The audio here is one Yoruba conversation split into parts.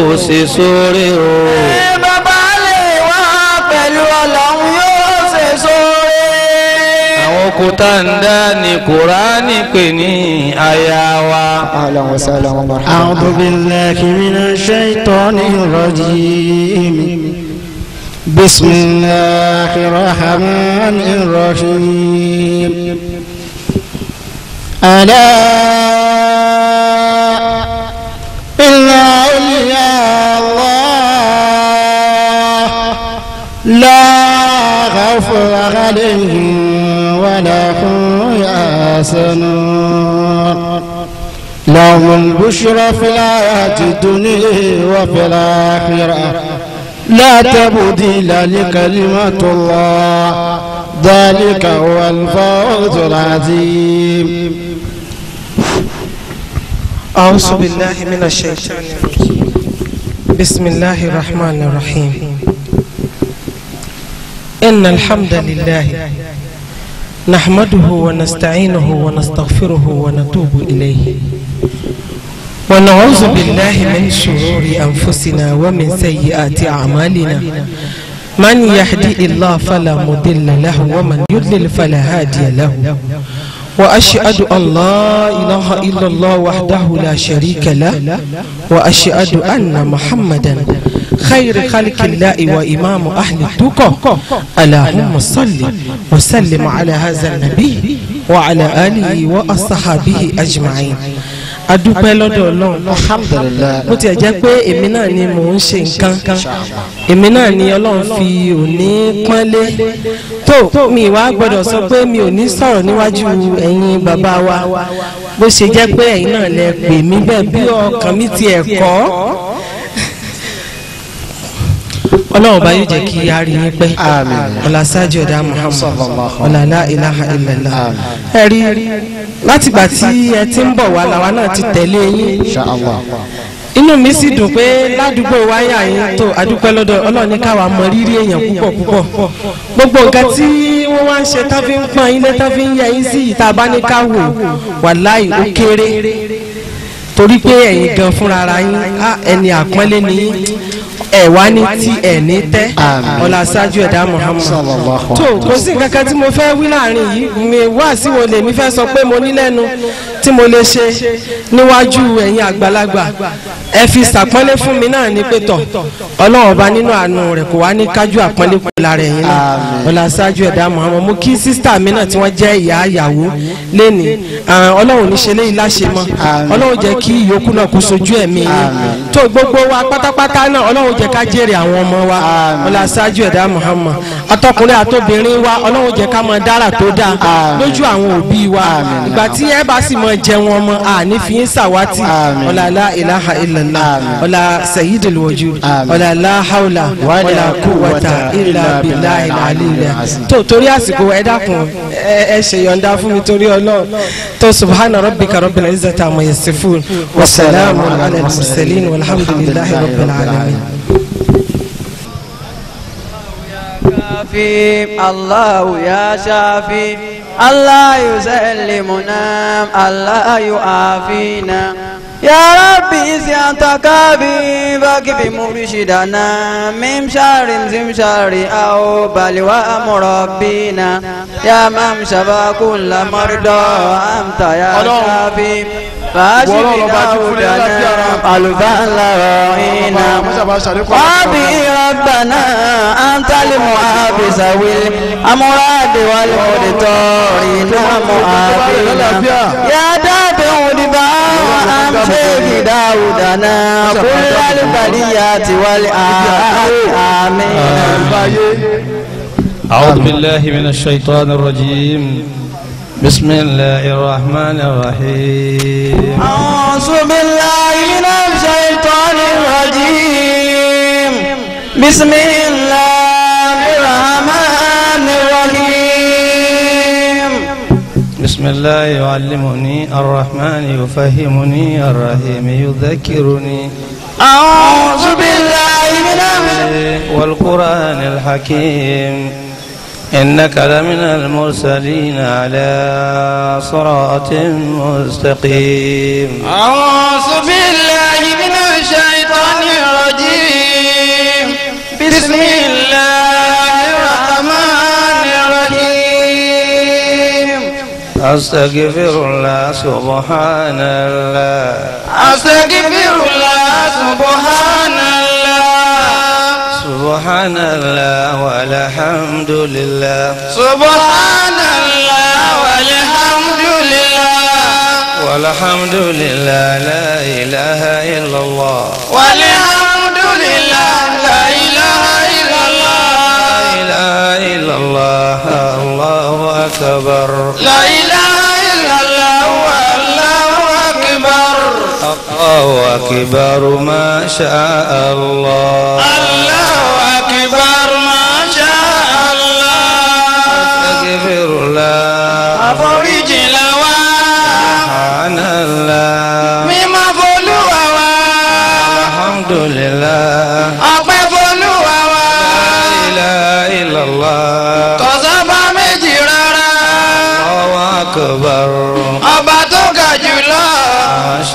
ó ṣe sóore o. ẹ bàbá lè wá pẹ̀lú ọlọ́run yóò ṣe sóore. àwọn òkúta ń dá ní kúránì pè ní àyà wa. a'udhu billahi minash shaitonir rajim. بسم الله الرحمن الرحيم ألا يا الله لا غفر عليهم ولا هم يحسنون لهم البشرى في الحياة الدنيا وفي الآخرة لا تبديل لكلمة الله ذلك هو الفوز العظيم أعوذ بالله من الشيطان الرجيم بسم الله الرحمن الرحيم إن الحمد لله نحمده ونستعينه ونستغفره ونتوب إليه ونعوذ بالله من شرور أنفسنا ومن سيئات أعمالنا من يهدي الله فلا مضل له ومن يضلل فلا هادي له وأشهد أن لا إله إلا الله وحده لا شريك له وأشهد أن محمدا خير خلق الله وإمام أهل التقى اللهم صل وسلم على هذا النبي وعلى آله وأصحابه أجمعين adúpẹ́ lọ́dọ̀ ọlọ́run alhamdulilayi bó tiẹ̀ jẹ́ pé èmi náà ni mò ń ṣe nǹkan èmi náà ni ọlọ́run fi òní pọ́nlé tó mi wá gbọ́dọ̀ sọ pé mi ò ní sọ̀rọ̀ níwájú ẹ̀yin bàbá wa bó ṣe jẹ́ pé ẹ̀yin náà lẹ pè mí bẹ́ẹ̀ bí ọkàn mi tiẹ̀ kọ́ ọlọ́run bá yóò jẹ́ kí a rí yín pẹ́ ọ̀là sáájú ọ̀dà muhammad ọ̀là la ilaha illallah ẹ rí látìgbà tí ẹ ti ń bọ̀ wá làwa náà ti tẹ̀lé yín inú mi sì dùn pé ládùúgbò wáyà yín tó adúpẹ́ lọ́dọ̀ ọlọ́run ní káwa mọ rírì èèyàn púpọ̀ púpọ̀ gbogbo nǹkan tí wọ́n wá ń ṣe tá fi ń pọ́n yín lé fi ń yẹ yín sí ìta abáníkáwò wàláì ó kéré torí pé ẹ̀yin gan fúnra ara yín ẹni àpọ́nlé ni yín ẹ wá ní tí ẹ ní tẹ́ ọlá ṣáájú ẹ̀dá Muhammad tó kò sí nǹkan kan tí mo fẹ́ wí láàrin yìí mi wá sí wo lèmi fẹ́ sọ pé mo ní lẹ́nu tí mo lè ṣe níwájú ẹ̀yin àgbàlagbà ẹ fi sàpọ́nlé fún mi náà ní pétọ̀ ọlọ́run ọba nínú àánú rẹ̀ kò wá ní kájú àpọ́nlé pẹ̀lá rẹ̀ yín náà ọlá ẹ̀dá Muhammad mo kí sísítà mi náà tí wọ́n jẹ́ ìyá ìyàwó lẹ́ni ọlọ́run ní ṣe láṣẹ mọ́ ọlọ́run jẹ́ kí ìyókù náà kó sojú ẹ̀mí tó gbogbo wa pátápátá náà ọlọ́run jẹ́ ká jèrè àwọn ọmọ wa ọlá ẹ̀dá Muhammad àtọkùnrin àtobìnrin wa ọlọ́run jẹ́ ká mọ dára tó dáa lójú àwọn òbí wa ìgbà tí ẹ bá sì mọ máa jẹ wọn mọ́ àní fi ń sàwátì ọ̀làlá ilaha illallah ọ̀là sayyidul wujud ọ̀làlá haula ọ̀là quwwata illa billahi aliyah tó torí àsìkò ẹ dákun ẹ ṣe yọ̀ǹda fún mi torí ọlọ́run tó subhana rabbika rabbil izzati amma yasifun wa salamun ala al-mursalin walhamdulillahi alamin. الله يا شافي الله يا شافي الله يسلمنا الله يعافينا يا ربي سيعتك بك بمرشدنا من شر زمشر أو بلوى مربينا يا من شفى كل مرضى أنت يا شافي wọ́rọ́ lọ́ba tí fúnni láti ara. àlùbálà iná wábí rabbana antali muhabi sawil amúradì wàlú òde tọ́ọ̀rì náà muhabi iná. yàda bẹ́ẹ̀ òdìbò àwọn àmṣẹ́gì dáwùdáná kúlẹ̀ àlùbàdìyà tiwálé àmì. أعوذ بالله من الشيطان الرجيم بسم الله الرحمن الرحيم أعوذ بالله من الشيطان الرجيم بسم الله الرحمن الرحيم بسم الله يعلمني الرحمن يفهمني الرحيم يذكرني أعوذ بالله من الشيطان والقرآن الحكيم إنك لمن المرسلين على صراط مستقيم أعوذ بالله من الشيطان الرجيم بسم الله الرحمن الرحيم أستغفر الله سبحان الله أستغفر الله سبحان سبحان الله والحمد لله سبحان الله والحمد لله والحمد لله لا إله إلا الله والحمد لله لا إله إلا الله لا إله إلا الله الله أكبر لا إله الله أكبر ما شاء الله الله أكبر ما شاء الله أستغفر الله أفرج لوا سبحان الله مما فلوا الحمد لله أبا فلوا لا إله إلا الله قصبا مجرارا الله أكبر أبا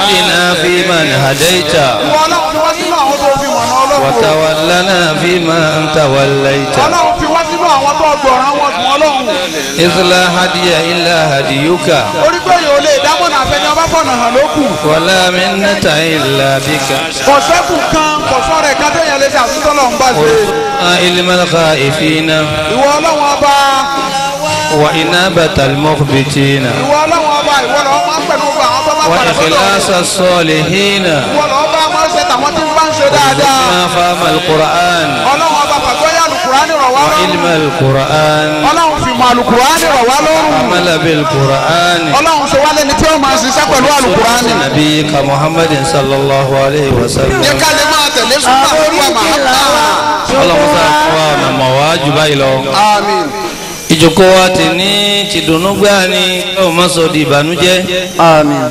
واهدنا فيمن هديت وتولنا فيمن توليت إذ لا هدي إلا هديك ولا منة إلا بك علم الخائفين وإنابة المخبتين wọ́n ìkìláṣà sọ̀lì hínà. wọ́n lọ bá máa ń ṣe tàwọn tí wọ́n bá ń ṣe dáadáa. wọ́n máa fa malukura'an. ọlọ́run ọba pàgọ́yà alukura'ani rọ̀ wá lọ́rùn. wọ́n ilmẹ̀ alukura'an. ọlọ́run fi mọ alukura'ani rọ̀ wá lọ́rùn. amalabi alukura'ani. ọlọ́run ṣe wálé ni tí ó máa ṣiṣẹ́ pẹ̀lú alukura'ani. nàbí ka muhammadin sallallahu alayhi wa sallam. yẹ ká lè máa tẹ̀lé sunna fún wa máa ń bá wa. ọlọ́run sá fún wa màmá wa jù báyìí lọ. àmín ìjòkó wa ti ní tìdùnnú gbáà ni ó má sọ di ìbànújẹ́. àmín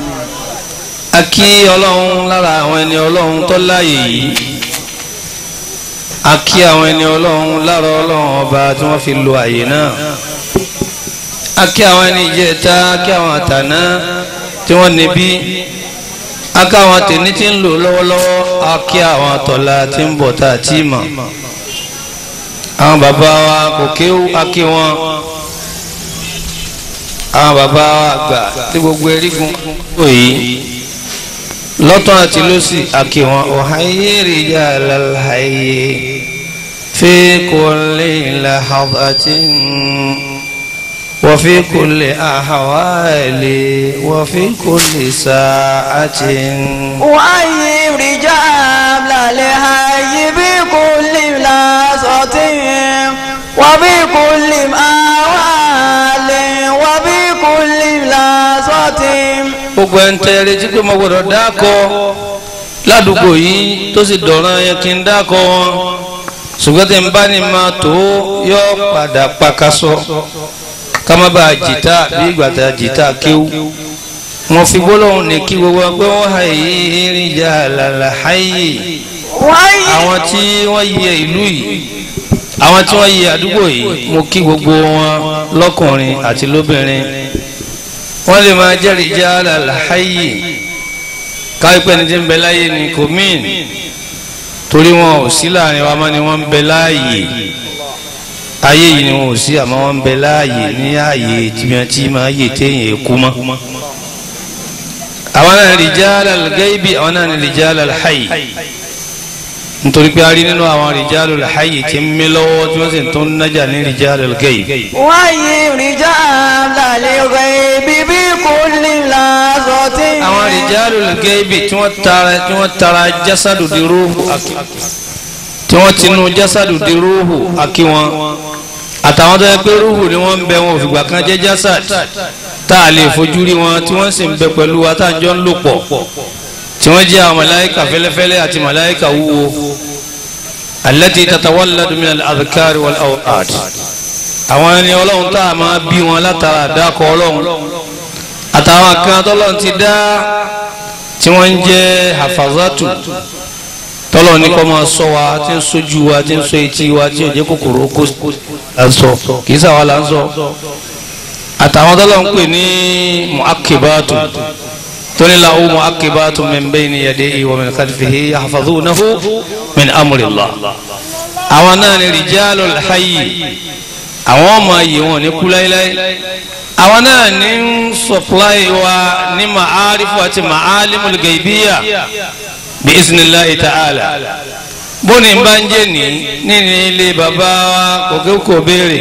a kí ọlọ́run lára àwọn ẹni ọlọ́run tó láàyè yìí a kí àwọn ẹni ọlọ́run lára ọlọ́run ọba tí wọ́n fi lo àyè náà a kí àwọn ẹni ìjẹta a kí àwọn àtàná tí wọ́n níbí a àwọn tèmi tí ń lò lọ́wọ́lọ́wọ́ a àwọn àtọ̀la tí ń bọ̀ tá a ti mọ̀ àwọn bàbá wa kò kéwú a wọn àwọn bàbá wa àgbà tí gbogbo erigun tó yìí lọ́tún àti lọ́sì àkè wọn ọ̀háyé rìjà lálàyé fi kulli lahadatin wa fi kulli ahwali wa fi kulli sa'atin. wáyé rìjà lálàyé fi kulli lásọ̀tìn wa fi kulli máa. gbogbo ẹ̀ ń tẹ́ retí pé mo gbọ́dọ̀ dákọ̀ ládùúgbò yìí tó sì dọ̀ràn yẹn kí n dákọ̀ wọn ṣùgbọ́n tí n bá ní ma tó yọ padà pakasọ ká má bàa jìtá bí ìgbà tá a jìtá kéwú wọn fi gbólóhùn ní kí gbogbo ẹgbẹ́ wọn hà yìí rìjà làlàhàyè àwọn tí wọ́n yẹ ìlú yìí àwọn tí wọ́n yẹ àdúgbò yìí mo kí gbogbo wọn lọ́kùnrin àti lóbìnrin wọ́n lè máa jẹ́ rìjálà láàyè káìpẹ́ ní ti ń bẹ láyé ní kòmíìn torí wọn ò sí láàrin wa mọ́ ni wọ́n ń bẹ láàyè ayé yìí ni wọn ò sí àmọ́ wọ́n ń bẹ láàyè ní ààyè tìmíà tí máa yè téèyàn kú mọ́ àwọn náà rìjálà gẹ́bí àwọn náà rìjálà láàyè nítorí pé a rí nínú àwọn rijalul hayy tí ń mí lọ́wọ́ tí wọ́n sì tún nájà ní rijalul gayb. wáyé rijalul ghaibi bi kulli lazatin. àwọn rijalul ghaibi tí wọ́n tara tí wọ́n tara jásàdù di rúhù tí wọ́n tinú jásàdù di rúhù àkí wọn àtàwọn tó yẹ pé rúhù ni wọ́n ń bẹ wọn òfìgbà kan jẹ́ jásàd tá a lè fojú rí wọn tí wọ́n sì ń bẹ allati تتولد من al-adhkar wal-awqat àwọn ẹni ọlọ́run tá a máa bí wọn látara dákọ̀ ọlọ́run àtàwọn kan tọ́lọ́run ti dá tí wọ́n ń jẹ́ hafazatu tọ́lọ́run ní kọ́ máa sọ wa tí ń sojú wa tí ń sọ etí wa tí ò jẹ́ kòkòrò kó sọ kì í sàwọn là ń sọ àtàwọn tọ́lọ́run pè ní muakibatu torí làwọn ohun akébá tó min bayni yadayhi wa min khalfihi yahfazunahu min amrillah àwọn náà ni rijalul hayy àwọn ọmọ yìí wọn ní kú láíláí àwọn náà ní ń supply wa ní ma'arifu àti ma'alimul gaibiya bi isnillahi ta'ala bóni bá ń jẹ́ ní nínú ilé bàbá wa kòkè kò béèrè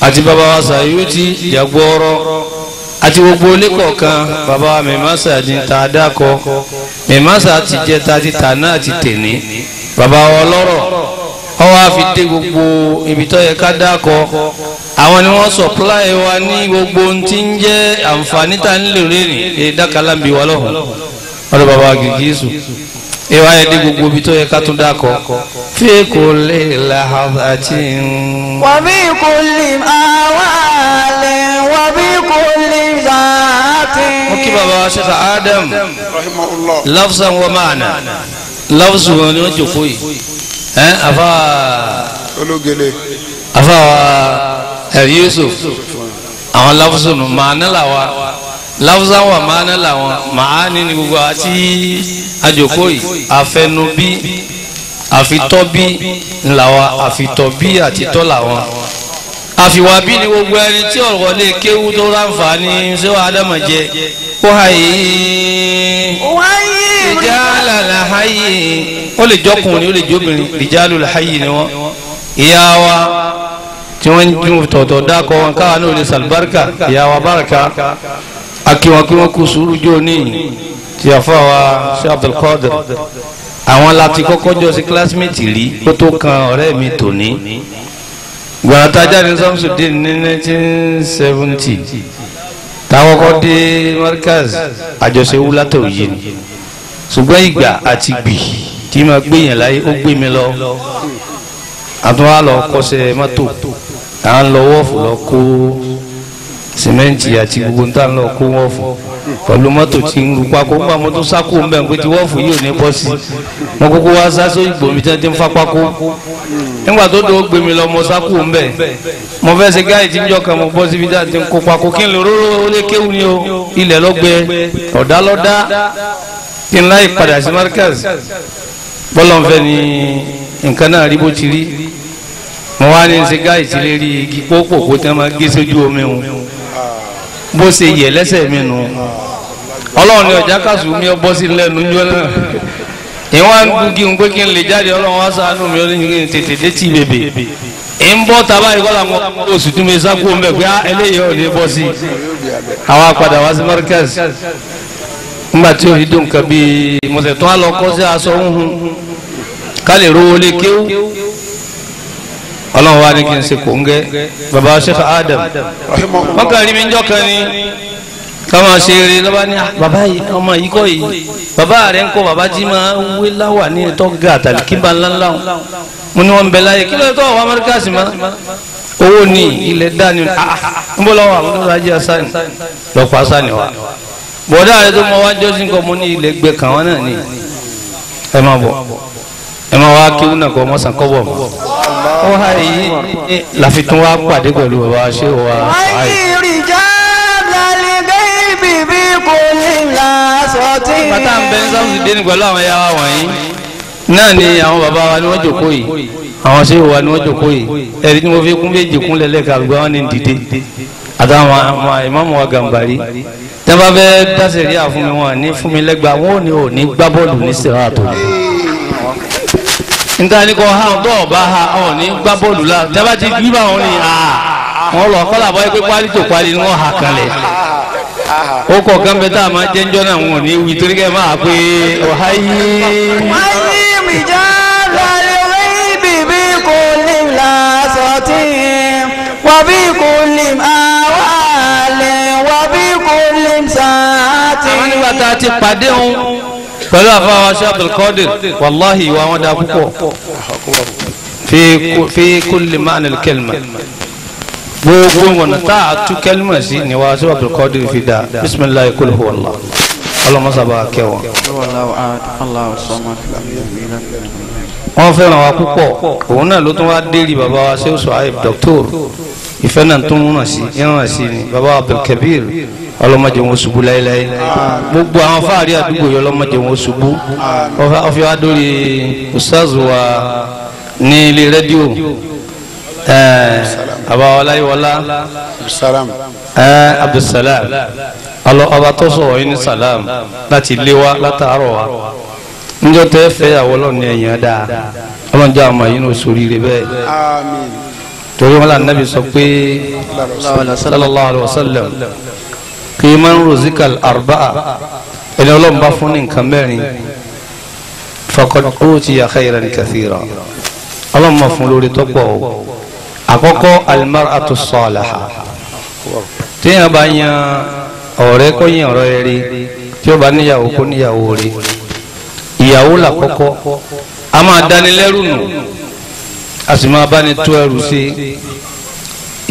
àti bàbá wa Sayuti jàgbọ́rọ́ àti gbogbo oníkọ̀ọ̀kan bàbá wa mẹ́másà ni ta dákọ mẹ́másà ti jẹ́ ta ti tà náà ti tèní bàbá wa ọlọ́rọ̀ ọwọ́ àfi dé gbogbo ibi tó yẹ ká dákọ àwọn ni wọ́n sọ̀pláì wa ní gbogbo ohun tí ń jẹ́ àǹfààní tá ń lè rẹ́rìn èyí dákàlà ń bi wa lọ́hùn ọ̀dọ̀ bàbá Gìgísù ìwà ẹ̀dí gbogbo ibi yẹ ká tún dákọ̀ fi kò lè làhàbà tí ń. wàmí kò lè máa wà lẹ́yìn wà bí kò lè adam lafsan wa maana lafsan wa ni wọn jòkó Ava? ẹ afa. ológele. afa wa ẹ̀rí yusuf àwọn lafsan maana la wa lafsan wa maana la wọn maani ni gbogbo àti àjòkó yìí àfẹnubí àfitọ́bí ńlá wa àfitọ́bí àtitọ́ àfiwàbí ni gbogbo ẹni tí ọ̀rọ̀ lè kéwú tó ráǹfààní ṣé wàá dámọ̀ jẹ ó hàyè ìjálà làhàyè ó lè jọkùnrin ó lè jóbìnrin ìjálù làhàyè ni wọn ìyá wa tí wọ́n ń dún tọ̀tọ̀ dákọ̀ wọn káwa náà lè sàlùbáríkà ìyá wa báraka akíwọn kí wọ́n kú sùúrù jọ ní ti àfọ́ wa ṣé Abdulkadir àwọn láti kọ́kọ́ jọ sí kílásímẹ́tì rí kó tó kan ọ̀rẹ́ mi tòní gbàtà jáde Shamsuddin ní 1970 táwọ́kọ́ dé Markaz àjọṣe wúlátọ̀ yìí ni ṣùgbọ́n ìgbà àti gbì tí ma gbé yẹn láyé ó gbé mi lọ àtúnwá lọ kọsẹ̀ à ń lọ wọ́ọ̀fù lọ kó sìmẹ́ǹtì àti gbogbo ń tà ń lọ kó wọ́n fún pẹ̀lú mọ́tò tí ń lupa kó ń gbà mọ́tò sákò ń bẹ̀ ń pé tí wọ́ọ̀fù yìí ò ní bọ́ sí wọn kúkú wá sásó ìgbòmí tí wọ́n ń fapá kó nígbà tó dòó gbèmí lọ mọ sákò ń bẹ̀ mo fẹ́ ṣe gáyì tí ń jọ kàn mo bọ́ síbi tí wọ́n ti ń kó pakó kí n lè róró olé kéwù ni o ilẹ̀ lọ́gbẹ ọ̀dá lọ́dá kí n láì padà sí markaz bọ́lọ̀ nfẹ́ ni nǹkan náà rí bó ti rí mo bó ṣe yẹ lẹ́sẹ̀ mi nù ọlọ́run ni ọ̀já kàṣù mi ọ bọ́ sí lẹ́nu jọ náà ìwọ́n ń gun kí n pé kí n lè jáde ọlọ́run wá ṣàánú mi ọlọ́run kí n tètè dé tì bèbè ń bọ́ taba ìkọ́lá mọ́ oṣù tí mo sá kó mbẹ́ pé ah, eléyìí ò ní bọ́ sí i àwọn apàdà wá sí markaz nígbà tí òní dùn kan bíi mọ̀tẹ̀tún aṣọ ń hun ká lè rówó lé kéwú ọlọ́run wá ní kí n ṣe kò ń gẹ́ baba sheikh adam wọ́n kàn rí mi jọ́ kan ní káwọn ṣe eré lọ́ba ní bàbá yìí ọmọ yìí kọ́ yìí bàbá rẹ̀ ń kọ́ bàbá jí ma? ń wé láwà ní ẹ̀tọ́ ga àtàlẹ́ kí bá ńlá ńlá mo ní wọn bẹ láyé kí lóòótọ́ ọ̀wọ́ amẹ́ríkà sì máa owó ní ilẹ̀ dání ń bọ́ lọ́wọ́ àwọn ọmọdé ajé asáni lọ́pọ̀ asáni wa bọ̀dá rẹ̀ tó mọ wájú sí ẹ máa wá kí wúnà kọ́ mọ́sàn kọ́bọ̀ mọ́ ó hà yìí láfi tún wá pàdé pẹ̀lú bàbá ṣé wà áì. bàtà ń bẹ ní sáfù dé ní pẹ̀lú àwọn ẹ̀yà wa wọ̀nyí náà ni àwọn bàbá wa ni wọ́n jòkó yìí àwọn ṣé wà ni wọ́n jòkó yìí ẹ̀rí ni mo fi kún méjì kún lẹ́lẹ́ka àgbà wọn ni dìde àtàwọn ìmáàmù wa gàmbàrí tẹ́ bá fẹ́ dáṣẹ̀rí àfúnmi wọn ní fúnmi lẹ́gbàá wọn ò ní gbá bọ́ọ̀lù ní sèrè àtòlù nta ni kò hàn tó ọba ha ọ ní gbá bọ́ọ̀lù la tẹ́bá ti gbí bá wọn ni wọn lọ kọ́lá bọ́ pé kwali tó kwali ni wọ́n hà kalẹ̀ ó kọ̀ kan bẹ́ẹ̀ tá a máa jẹ́njọ́ náà wọn ní wí torí kẹ́ máa pé ọ̀há kò lè la sọ́tì wà bí kò lè àwa lè àwọn nígbà tá a ti pàdé òun pẹ̀lú àfáwọn Sheikh Abdul Qadir wàláhì ìwà wọn da púpọ̀ fi kulli ma'na al-kalima gbogbo ọ̀nà tá a tú kẹlìmọ̀ sí ni wàá Sheikh Abdul Qadir fi dá bisimilayi kul huwa Allah ọlọ́mọ sábà kẹwọn. wọ́n fẹ́ràn wa púpọ̀ òun náà ló tún wá dérí bàbá wa Sheikh Suhaib Doctor ìfẹ́ náà tún ràn sí ìrànà sí ni bàbá Abdul ọlọ́mọdé wọn ṣubú láéláé gbogbo àwọn fáàrí àdúgbò yìí ọlọ́mọdé wọn ṣubú ọfẹ́ wa dórí ustaz wa ní ilé rédíò àbáwọláyíwọlá abdulsalam ọba tó sọ̀rọ̀ yìí ní salam láti lé wa látàárọ̀ wa níjọ́ tẹ́ fẹ́ àwọn ọlọ́run ẹ̀yàn dáa ọlọ́run jẹ́ àwọn àyínú sórí rẹ bẹ́ẹ̀ torí wọn là nàbì sọ pé sallallahu alaihi wasallam fi man ruzikal arba'a ẹni ọlọ́run bá fún ní nǹkan mẹ́rin faqad utiya khayran kathira ọlọ́run máa fún lórí tọ́pọ̀ o àkọ́kọ́ almar'atu salaha téèyàn bá yan ọ̀rẹ́ kó yan ọ̀rẹ́ rí tí ó bá níyàwó kó níyàwó rí ìyàwó làkọ́kọ́ a máa dánilẹ́rù nù a sì máa bá ní tó ẹrù sí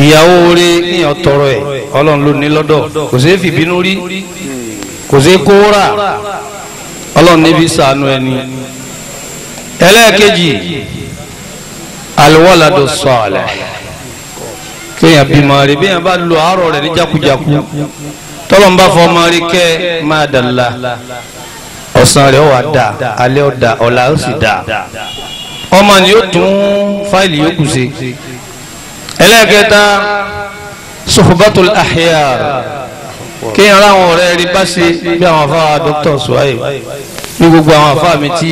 ìyàwó rí níyàn tọrọ ẹ̀ ọlọ́run ló ní lọ́dọ̀ kò sí fìbínú rí kò sí kóra ọlọ́run níbi sànú ẹni ẹlẹ́ẹ̀kejì aliwaladu sọ̀ọ̀lẹ̀ kéèyàn bímọ rẹ̀ bí yẹn bá lo àárọ̀ rẹ̀ ní jákujáku tọ́lọ́ ń bá fọ ọmọ rẹ̀ kẹ́ máa dàlá ọ̀sán rẹ̀ wà dà alẹ́ ọ̀dà ọ̀la ó sì dà ọmọ yóò tún fáìlì yókù ṣe ẹlẹ́ẹ̀kẹta suhbatul ahyar kí n ra àwọn ọ̀rẹ́ rí bá ṣe bí àwọn afá dr suwaye ní gbogbo àwọn afá mi tí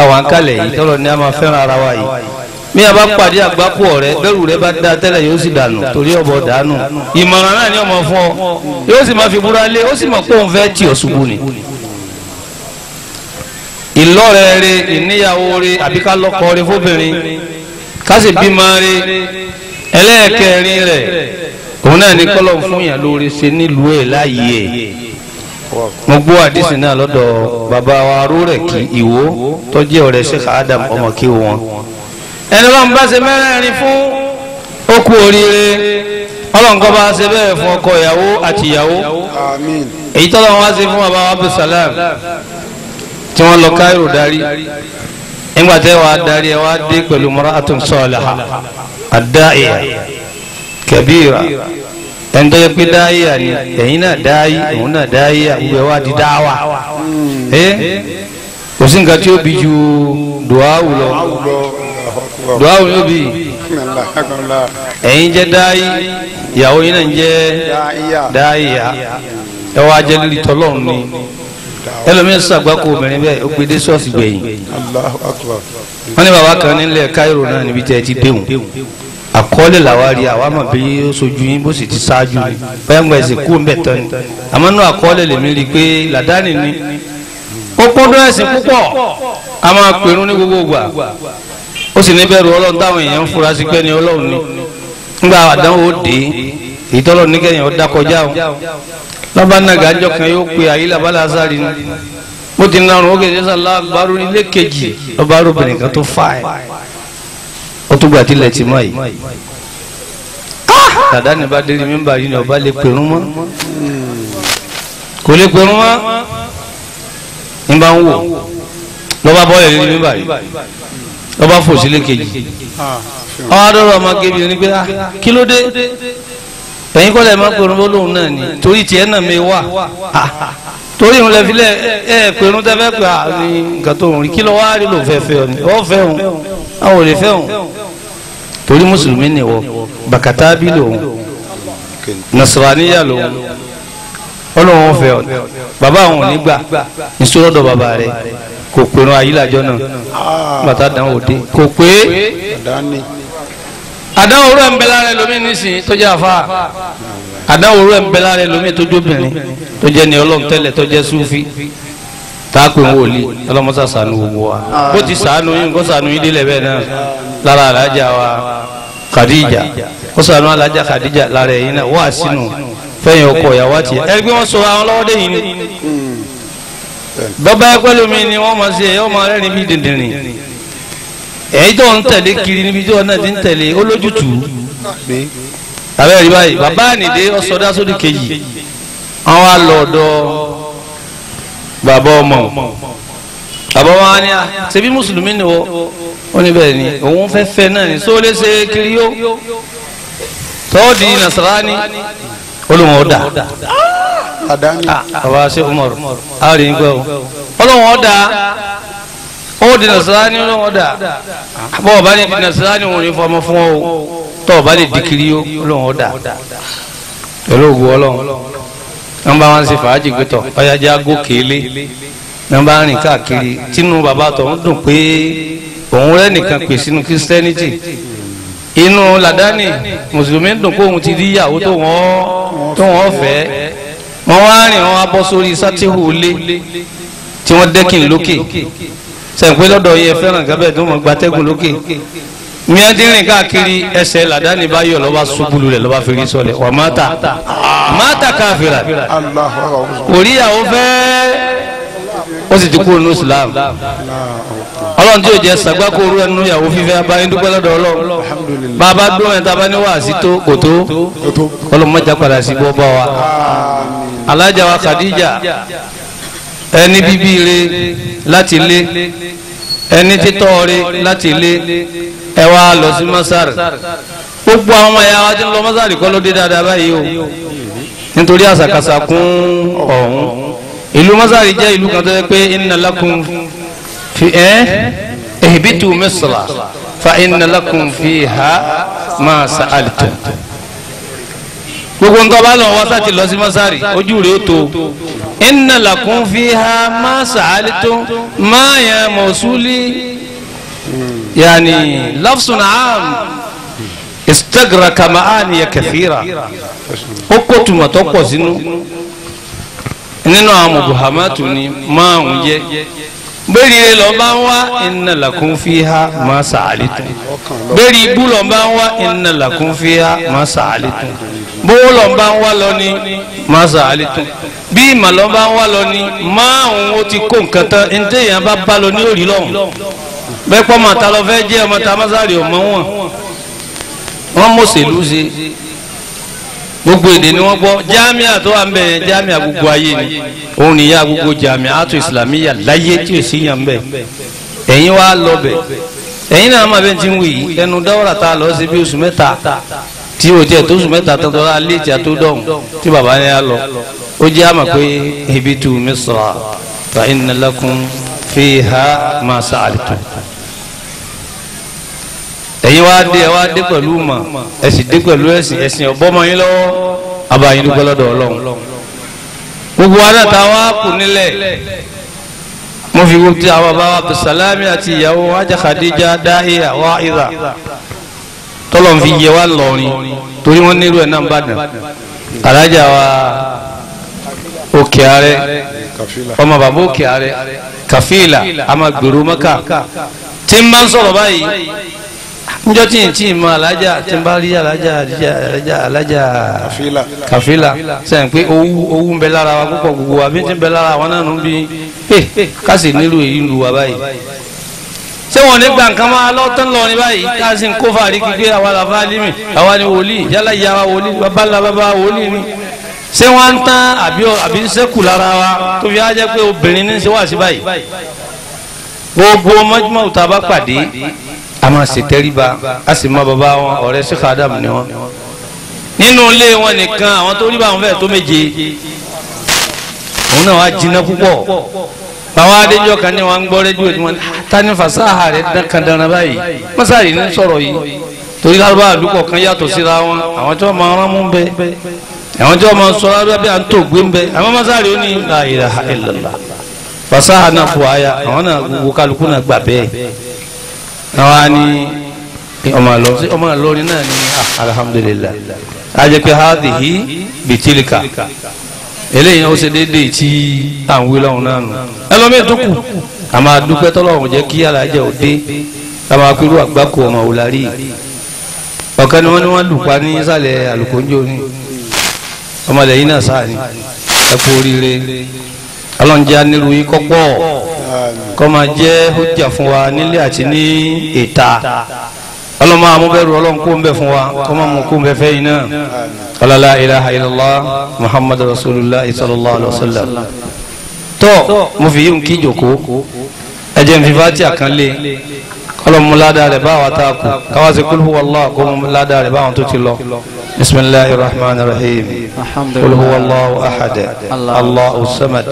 àwọn akálẹ̀ yìí tọ́lọ̀ ní a máa fẹ́ràn ara wa yìí mi a bá pàdé àgbákò ọ̀rẹ́ bẹ́rù rẹ bá dá tẹ́lẹ̀ yóò sì dànù torí ọ̀bọ̀ dànù ìmọ̀ràn náà ni ọmọ fún ọ yóò sì máa fi búra lé ó sì mọ̀ pé òun fẹ́ tì ọ́ ṣubú ni ìlọ́rẹ̀ ìníyàwó rẹ àbí ká lọ́kọ rẹ fóbìnrin ká sì bímọ rẹ ẹlẹ́ẹ̀kẹrin rẹ òun náà ní kọ́lọ̀ fún yàn lóore ṣe nílùú ẹ̀ láàyè ẹ̀ mo gbọ́ àdísìn náà lọ́dọ̀ bàbá wa rúrẹ̀ kí ìwó tó jẹ́ ọ̀rẹ́ Sheikh Adam ọmọ kí wọn. ẹni bá ń bá ṣe mẹ́rẹ̀ẹ̀rin fún okú oríire ọlọ́nkọ́ bá ṣe bẹ́ẹ̀ fún ọkọ ìyàwó àti ìyàwó èyí tọ́lọ́ wọn ṣe fún bàbá Abdulsalam tí wọ́n lọ Cairo darí nígbà tẹ́ wàá darí ẹ wàá dé pẹ̀lú mọ́ra àtúnṣọ́ àdá ìyà kẹbíra ẹni tó yẹ pé dáyà ni ẹ̀yin náà dáyà òun náà dáyà gbogbo ẹ̀ wá di dáwà ẹ kò sí nǹkan tí ó bi ju duawu lọ duawu ló bi ẹ̀yin jẹ́ dáyà ìyàwó yín náà jẹ́ dáyà ẹ wá jẹ́ lílitọ́ lọ́run ni. ẹlòmíràn sàgbákò obìnrin bẹ́ẹ̀ ó pe dé ṣọ́ọ̀ṣì gbẹ̀yìn wọ́n ní bàbá kan nílẹ̀ káírò náà níbi tẹ́ ẹ ti déhùn àkọọ́lẹ̀ làwa rí àwa mọ̀ bí ó sojú yín bó sì ti ṣáájú mi báyọ̀ ẹ̀sìn kú mbẹ̀ tán ni àmọ́ náà àkọọ́lẹ̀ lèmi rí i pé làdáni ni ó kúndùn ẹ̀sìn púpọ̀ a máa pèrún ní gbogbo ìgbà ó sì ní ọlọ́run táwọn èèyàn ń fura sí lọ́ba nàgà àjọ kan yóò pe ayé labalẹ̀ azari ni mo ti narun ó kéde sàlá àgbàrú ilé kejì lọ́ba arúbìnrin kan tó fà ẹ́ ó tó gbàdí ilẹ̀ tì mọ́ yìí dàdá ni bá dérí mímbà yìí ni ọba lè pèrún mọ́ kò lè pèrún mọ́ ní bá ń wò lọ́ba bọ́ọ̀lù lè mímbà yìí lọ́ba fò sílé kejì ọ́ adọ́rọ̀ ọmọ kébìnrin pé ah, kí ló dé ẹ̀yin kọ́ lẹ́ẹ̀ máa pẹ̀rún bọ́lọ́hún náà ni torí tiẹ̀ náà mi wà torí òun lẹ́fi lẹ́ ẹ pẹ̀rún tẹ́fẹ́ pé à ní nǹkan tó ń rí kí lọ́ wá rí lò fẹ́ fẹ́ ọ ni ọ fẹ́ òun àwọn ò lè fẹ́ òun torí mùsùlùmí ni wọ bàkàtà bí lòun nasaraniya lòun ọlọ́wọ́n fẹ́ ọ bàbá àwọn ò ní gbà ní sọ́dọ̀ bàbá rẹ kò pẹ̀rún ayílàjọ náà bàtà dáhùn òde kò pé àdáwò rẹ̀ ń bẹ lára ẹlòmíì nísìnyí tó jẹ́ àfa àdáwò rẹ̀ ń bẹ lára ẹlòmíì tó jóbìnrin tó jẹ́ ní ọlọ́run tẹ́lẹ̀ tó jẹ́ súfì tààkùn wòlí ọlọ́mọsá sànù gbogbo wa bó ti sànù yín kó sànù yín délẹ̀ bẹ́ẹ̀ náà lára alájà wa Khadija kó sànù alájà Khadija lára ẹ̀yin náà wà sínú fẹ́yìn ọkọ̀ ìyàwó àti ẹ̀ gbé wọn sọ ni hmm. ni èyí tó ń tẹ̀lé kiri níbi tí wọn náà ti ń tẹ̀lé olójútùú abẹ́ rí báyìí bàbá ànìdé ọ̀sọ̀dá sódì kejì àwọn alọ̀ọ̀dọ̀ bàbá ọmọ bàbá wọn á ní à ṣebí mùsùlùmí ni wọ́n ó ní bẹ́ẹ̀ ni òun fẹ́ fẹ́ náà ni sóòlé ṣe kiri yó tọ́ọ̀dì nasarani olóhùn ọ̀dà bàbá ṣe Umar àárín gbọ́ ọlọ́hùn ọ̀dà ó di nasara ni ọlọ́wọ́ dà bọ́ ọba ní di nasara ni òun ní fọmọ fún ọ tọ́ ọba ní dìkiri ọlọ́wọ́ dà pẹ̀lú ògùn ọlọ́wọ́ nọ́mbà wọn ṣe fàájì gbẹtọ̀ ọ̀yájà gòkè lé nọ́mbà rìn káàkiri tínú bàbá tó ń dùn pé òun rẹ nìkan pè sínú Christianity inú làdáni mùsùlùmí ń dùn pé òun ti rí ìyàwó tó wọ́n fẹ́ wọ́n wá rìn wọ́n á sórí sátìhù lé tí wọ́n dẹ́kìn lókè sẹ̀ǹpẹ́ lọ́dọ̀ yẹ fẹ́ràn gábẹ́ tó mọ̀ gbatẹ́gùn lókè miadinrin káàkiri ẹsẹ̀ ladani bá yọ lọ́ba subulu rẹ̀ lọ́ba fèrè sọlẹ̀ wà máta máta káfíra oríyàwó fẹ́ ó sì ti kúrò ní islam ọlọ́run tí yóò jẹ́ sàgbákò orú ẹnu ìyàwó fífẹ́ abáyé dúpẹ́ lọ́dọ̀ ọlọ́run bàbá gbóhùn ẹ̀ta bá ní wàásí tó kò tó ọlọ́run mọ́jà padà sí bọ́ bá wa alájà wa Khadija ẹni bíbí re láti lé ẹni títọ́ re láti lé ẹ wá lọ sí masar gbogbo àwọn ẹ̀yà wa ti lọ masar kọ́ ló dé dáadáa báyìí o nítorí àṣàkáṣà kún ọ̀hún ìlú masar jẹ́ ìlú kan tó yẹ pé inna fi ẹ́ ihbitu misra fa inna lakum fiha ma sa'altum gbogbo nǹkan bá lọ wọ́n sàti lọ sí mọ́sárì ojú rèé tó inna lakum fiha ma sa'altum ma ya mawsuli yani lafsun am istagraka ma'aniya kathira ó kó tuma tó pọ̀ sínú nínú àwọn mubuhamatu ni máa ń jẹ́ bẹ́ẹ̀ni rẹ lọ bá ń wá inna lakum fiha ma sa'altum bẹ́ẹ̀ni ibú lọ bá ń wá inna lakum fiha ma sa'altum bówó lọ bá ń wá lọ ni masa alitun bí ìmọ̀lọ́ bá ń wá lọ ni márùn-ún ó ti kó nǹkan tán ẹni tí èèyàn bá bá lọ ní òrì lọ́hùn bẹ́ẹ̀ pọ́ màtá lọ fẹ́ jẹ́ ọmọ tá a ọmọ wọn wọ́n mọ̀ọ́sẹ̀lú ṣe gbogbo èdè ni wọ́n gbọ́ jami'a tó wà ń bẹ yẹn jami'a gbogbo ayé ni òun nìyá gbogbo jami'a àtò ìsìlámíyà láyé tí ò sí yàn bẹ ẹ̀yin wá lọ bẹ ẹ̀yin náà má bẹ ti ń wì í ẹnu dáwọ́rà tí o jẹ tó sùn mẹ́ta tó tọ́ra alẹ́ ìjà tó dọ̀hùn tí baba yẹn á lọ ó jẹ́ àmọ̀ pé ibi tù Misra fa inna lakum fiha ma sa'altum. ẹ̀yin wá dé ẹ wá dé pẹ̀lú mà ẹ sì dé pẹ̀lú ẹ̀sìn ẹ̀sìn ọ̀bọ́mọ yín lọ́wọ́ abayin dúpẹ́ lọ́dọ̀ ọlọ́run gbogbo wa náà ta wá kù nílẹ̀ mo fi wo ti àwọn bàbá Abdulsalami àti ìyàwó ajá Khadija dáhìá wá tọ́lọ̀ ń fi yẹ wá lọ́rin torí wọ́n nílò ẹ̀ náà ń bàdàn alájà wa òkè ààrẹ ọmọ bàbá òkè ààrẹ kàfíìlà àmà gbèrò mọ́kà tí ń bá ń sọ̀rọ̀ báyìí níjọ́ tí n tí mọ alájà tí n bá rí alájà alájà alájà kàfíìlà sẹ́yìn pé owó owó ń bẹ lára wa púpọ̀ gbogbo wa bí n ti ń bẹ lára wa náà nù bí eh, eh, ká sì nílò èyí lù wá báyìí ṣé wọn lè gba nǹkan máa lọ́tàn lọ ní báyìí tá a sì ń kó fàárí kíkẹ́ àwa làbá límì àwa ni wòlíì yálà ìyá wa wòlíì bàbá la bàbá wòlíì ni ṣé wọn ń tán àbí àbí ń sẹ́kù lára wa tó fi á pé obìnrin ní í sí báyìí gbogbo mọ́júmọ́ òtá bá pàdé a máa ṣe tẹríba a sì mọ bàbá wọn ọ̀rẹ́ síkà ádámù ni wọn nínú ilé wọn nìkan àwọn tó rí bá fẹ́ tó méje òun náà wá jiná púpọ̀ bàwa adéjọ́ kan ní wọn ń gbọ́ rédíò tí wọ́n ta ní fasáhà rẹ̀ dankan dandan báyìí mọ́sáàrì ní sọ̀rọ̀ yìí torí lárúbá àdúgbò kan yàtọ̀ síra wọn àwọn tí wọ́n máa rán mú ń bẹ àwọn tí wọ́n máa sọ lárúbá bí à ń tó gbé bẹ àwọn mọ́sáàrì ó ní la ilaha illallah fasáhà náà fò àyà àwọn náà gbogbo kálukú náà gbà bẹ́ẹ̀ àwa ni ọmọ ọmọ àlọ́rin náà ni ah, alhamdulillah a jẹ́ pé hadhihi bitilka eléyìí ó ṣe déédéé tí à ń wí lọ́hùn náà nù ẹlọ́mí tó kù a máa dúpẹ́ tọ́lọ́hùn jẹ́ kí alájẹ ò dé a máa pẹ̀lú àgbákò ọmọ òlàrí ọ̀kan ni wọ́n ní wọ́n lù pa ní sàlẹ̀ àlùkòjò ni ọmọlẹ́yìn náà sáà ni ẹ kú oríire ọlọ́njẹ́ anílù yìí kọ́pọ̀ kọ́ máa jẹ́ hujja fún wa nílé àti ní ìta. اللهم امبر ولهم قوم بفوا كما مقوم بفينا قال لا اله الا الله محمد رسول الله صلى الله عليه وسلم تو مفيون كي جوكو اجن في فاتيا كان لي اللهم لا دار با واتاكو كواز قل هو الله قوم لا دار با انت بسم الله الرحمن الرحيم الحمد قل هو الله احد الله الصمد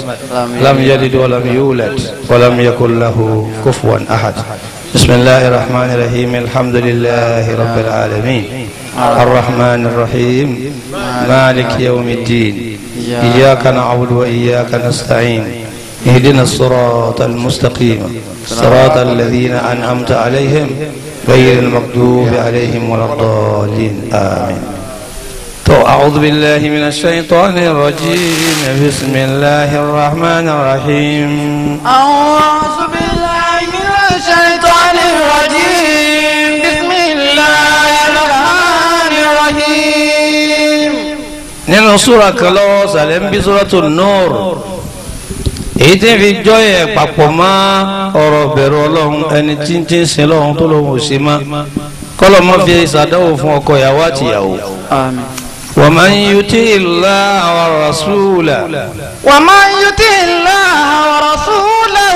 لم يلد ولم يولد ولم يكن له كفوا احد, أحد. بسم الله الرحمن الرحيم الحمد لله رب العالمين الرحمن الرحيم مالك يوم الدين إياك نعبد وإياك نستعين اهدنا الصراط المستقيم صراط الذين أنعمت عليهم غير المغضوب عليهم ولا الضالين آمين أعوذ بالله من الشيطان الرجيم بسم الله الرحمن الرحيم الله yan súra kan lọ́wọ́ sàlẹ̀ ń bí Nur èyí tí ń fi jọ́ yẹ papọ̀ mọ́ ọ̀rọ̀ bẹ̀rù ọlọ́run ẹni tí ń ti ń sin lọ́run tó lóun ò sí mọ́ kọ́lọ̀ mọ́ fi ṣàdánwò fún ọkọ ìyàwó àtìyàwó. àmín. ومن يطع الله ورسوله ومن يطع الله ورسوله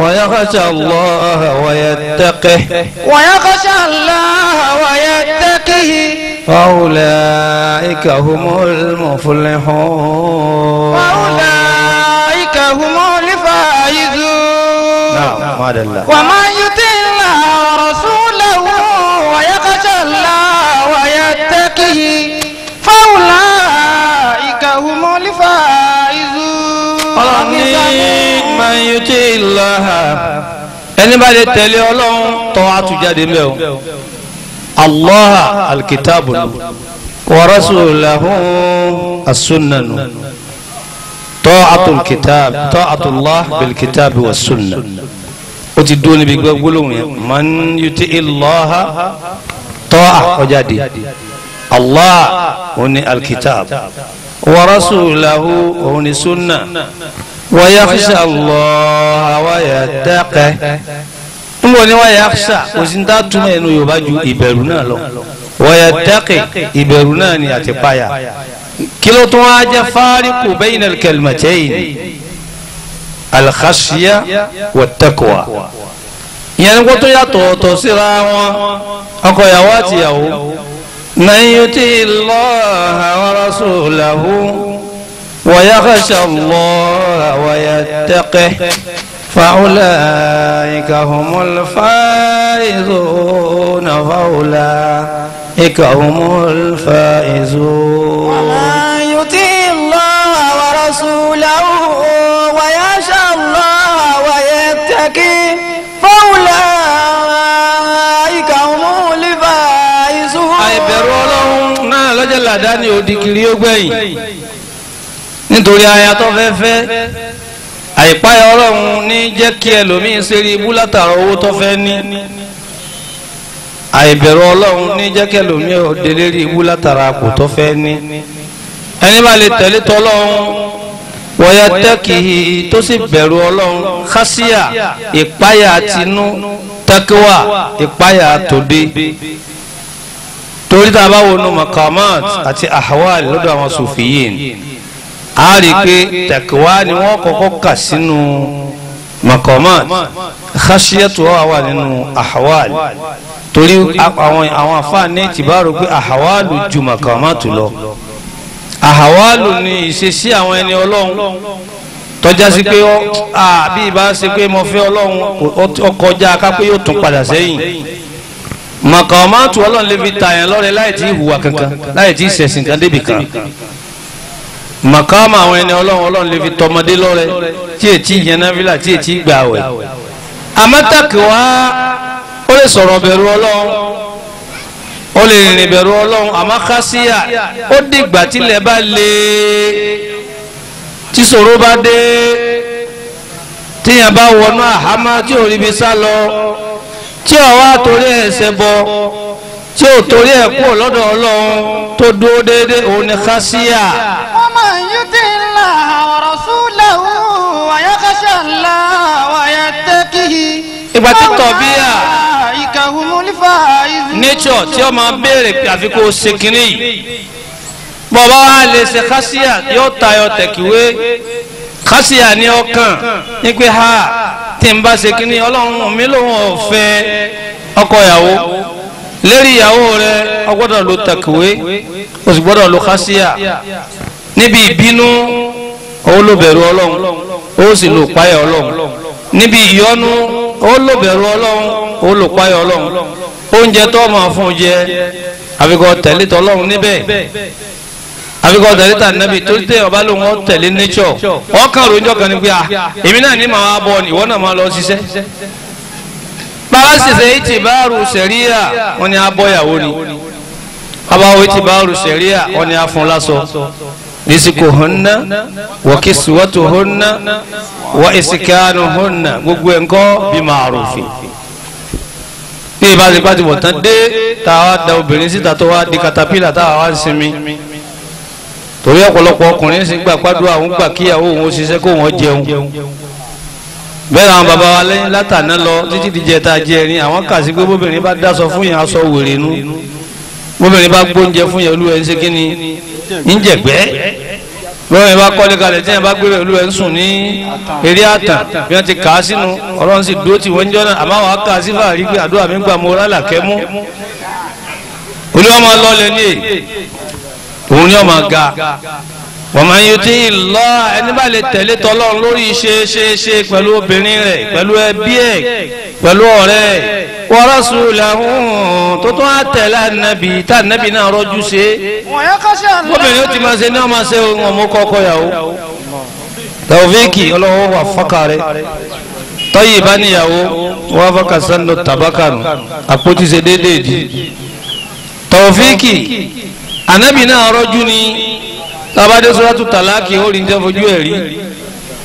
ويخشى الله ويتقه ويخشى الله ويتقه فأولئك هم المفلحون فأولئك هم الفائزون نعم ما الله ومن يطع الله ورسوله ويخشى الله ويتقه فأولئك هم الفائزون من يطع الله ẹni bá lè tẹ̀lé ọlọ́run tọ́ àtújáde allah alkitabu wa rasulahu as-sunnanu ta'atul kitab ta'atullah bil kitab wa sunna ó ti dúró níbi gbólóhùn yẹn man yuti illaha ta'a ọjà di allah òun ni alkitab wa rasulahu òun ni sunna wa yakhsha allah wa yattaqi nbọ ni wọ́n yà ṣá òsìntà túmọ̀ ẹnu yorùbá ju ìbẹ̀rù náà lọ wọ́n yà dákẹ́ ìbẹ̀rù náà ni àti páyà kí ló tún wá jẹ́ fáríkù bayna al-kalimatayn al-khashya wat-taqwa ìyẹn ni kó tó yàtọ̀ ọ̀tọ̀ síra wọn ọkọ ìyàwó àti ìyàwó man yuti' Allaha wa rasulahu wa yakhsha Allaha wa yattaqih. فأولئك هم الفائزون فأولئك هم الفائزون وما يطيع الله ورسوله ويخشى الله ويتقي فأولئك هم الفائزون àìbẹ̀rù Ọlọ́run náà lọ́jọ́ làdá ni òdìkìrí ó gbẹ̀yìn nítorí àìpáyà ọlọ́run ní jẹ́ kí ẹlòmíín ṣeré ibú látara owó tó fẹ́ ní àìbẹ̀rù ọlọ́run ní jẹ́ kí ẹlòmíín òdelé rí ibú látara kò tó fẹ́ ní ẹni bá lè tẹ̀lé tọ́lọ́run wọ́yẹ tẹ́kìhì tó sì bẹ̀rù ọlọ́run kásíà ìpáyà tinú tẹ́kíwà ìpáyà tòde torí tá a bá wọnú makamat àti ahawal lọ́dọ̀ àwọn sùfìyìn a rí i pé tẹ̀kíwá ni wọ́n kọ́kọ́ kà sínú maqamat khashiyatu wà nínú ahawal torí àwọn àwọn àfáàní ti bá rò pé ahawalu ju maqamatu lọ ahawalu ni ìṣesí àwọn ẹni ọlọ́run tọ́já sí pé ọ́ àbí ìbá ṣe pé mo fẹ́ ọlọ́run ọkọjá kápé yóò tún padà sẹ́yìn maqamatu ọlọ́run lè fi tààyàn lọ́rẹ láì tí ì hùwà kankan láì tí ì ṣẹ̀sìn kan débì Makama àwọn ẹni ọlọ́run ọlọ́run lè fi tọmọdé lọ́rẹ tí ètí yẹnáfílà tí ètí gbà wẹ̀ amátàkìwá ó lè sọ̀rọ̀ bẹ̀rù ọlọ́run ó lè rìn bẹ̀rù ọlọ́run àmákásíyà ó dìgbà tilẹ̀ bá le tíṣòro bá dé tíyàn bá wọnú àhámá tí ò ríbi sá lọ tí ọwọ́ àtòrí ẹ̀ṣẹ̀ bọ. tí ò torí ẹ̀ kúrò lọ́dọ̀ ọlọ́run tó dúró déédé òun ni kásíà. wọ́n máa ń yí ti ń la ọ̀rọ̀ súnlẹ̀ òun àyàkọ́ṣẹ́ ńlá wàyà tẹ́kì. ìgbà tí tọ̀bíyà nature tí ó máa béèrè àfi kó o ṣe kínní yìí wa lè ṣe kásíà yóò tayọ tẹ̀kíwé kásíà ní ọkàn ní pé ha tí n bá ṣe kínní ọlọ́run mi lòun ò fẹ́ ọkọ ìyàwó. lérí ìyàwó rẹ o gbọ́dọ̀ lo o sì gbọ́dọ̀ lo kásíà níbi ìbínú o ló bẹ̀rù ọlọ́run o sì lo páyà ọlọ́run níbi ìyọnu o ló bẹ̀rù ọlọ́run o lo páyà ọlọ́run oúnjẹ tó máa fún jẹ àfikọ́ tẹ̀lé níbẹ̀ àfikọ́ tẹ̀lé tà torí ọba ló ń wọ́n tẹ̀lé nature ọkàn ròjọ́ kan ní pé à ah, èmi náà ní màá bọ̀ lọ ṣiṣẹ́. bá sì ṣe ìtìbáàrù sẹ̀ríà wọn ni abọ́yàwó ni abáwọ̀ ìtìbáàrù sẹ̀ríà wọn ni afúnlásọ risikuhunna wa kiswatuhunna wa isikanuhunna gbogbo ẹ̀ ń kọ́ bí màrúfin ní ìbáṣe bá ti wọ̀ tán dé tá a wá da obìnrin síta tó wá di katapila tá a wá ń sinmi torí ọ̀pọ̀lọpọ̀ ọkùnrin sì gbà pàdúrà òun gbà kíyàwó òun ṣiṣẹ́ kó wọ́n jẹun bẹ́ẹ̀ làwọn bàbá wa lẹ́yìn látàná lọ títí di jẹta jẹrin àwọn kà sí pé bóbìnrin bá dáṣọ fún yẹn aṣọ wèrè nu bóbìnrin bá gbóúnjẹ fún yẹn olúwa ẹ̀ ń ṣe kíni ń jẹ̀gbẹ́ bóbìnrin bá kọ́lé kalẹ̀ tí yẹn bá gbére olúwa ẹ̀ ń sùn ní eré àtàn bí wọ́n ti kà á sínú ọlọ́run sì dúró tí wọ́n ń jọ́nà àmọ́ àwọn kà á sí fàárí pé àdúrà mi gbà mọ́ rálà kẹ́mú olúwa máa lọ́ọ̀lẹ́ wa man yuti Allah ẹni bá lè tẹ̀lé tọ́lọ́run lórí ṣe ṣe ṣe pẹ̀lú obìnrin rẹ̀ pẹ̀lú ẹbí ẹ̀ pẹ̀lú ọ̀rẹ́ wa rasulahu tó tún á tẹ̀lé ànábì tá ànábì náà rọ́jú ṣe obìnrin ó ti máa ṣe ní ọmọ ṣe ohun ọmọ kọ́kọ́ yàwó tàwọ́fíìkì ọlọ́wọ́ wà fọ́kà rẹ̀ tọ́yì bá níyàwó wọ́n fọ́kà sánú tàbákànù àpótí ṣe déédéé ni tọ́ba dé suratu talaki ó rí ní tẹ́fojú ẹ̀ rí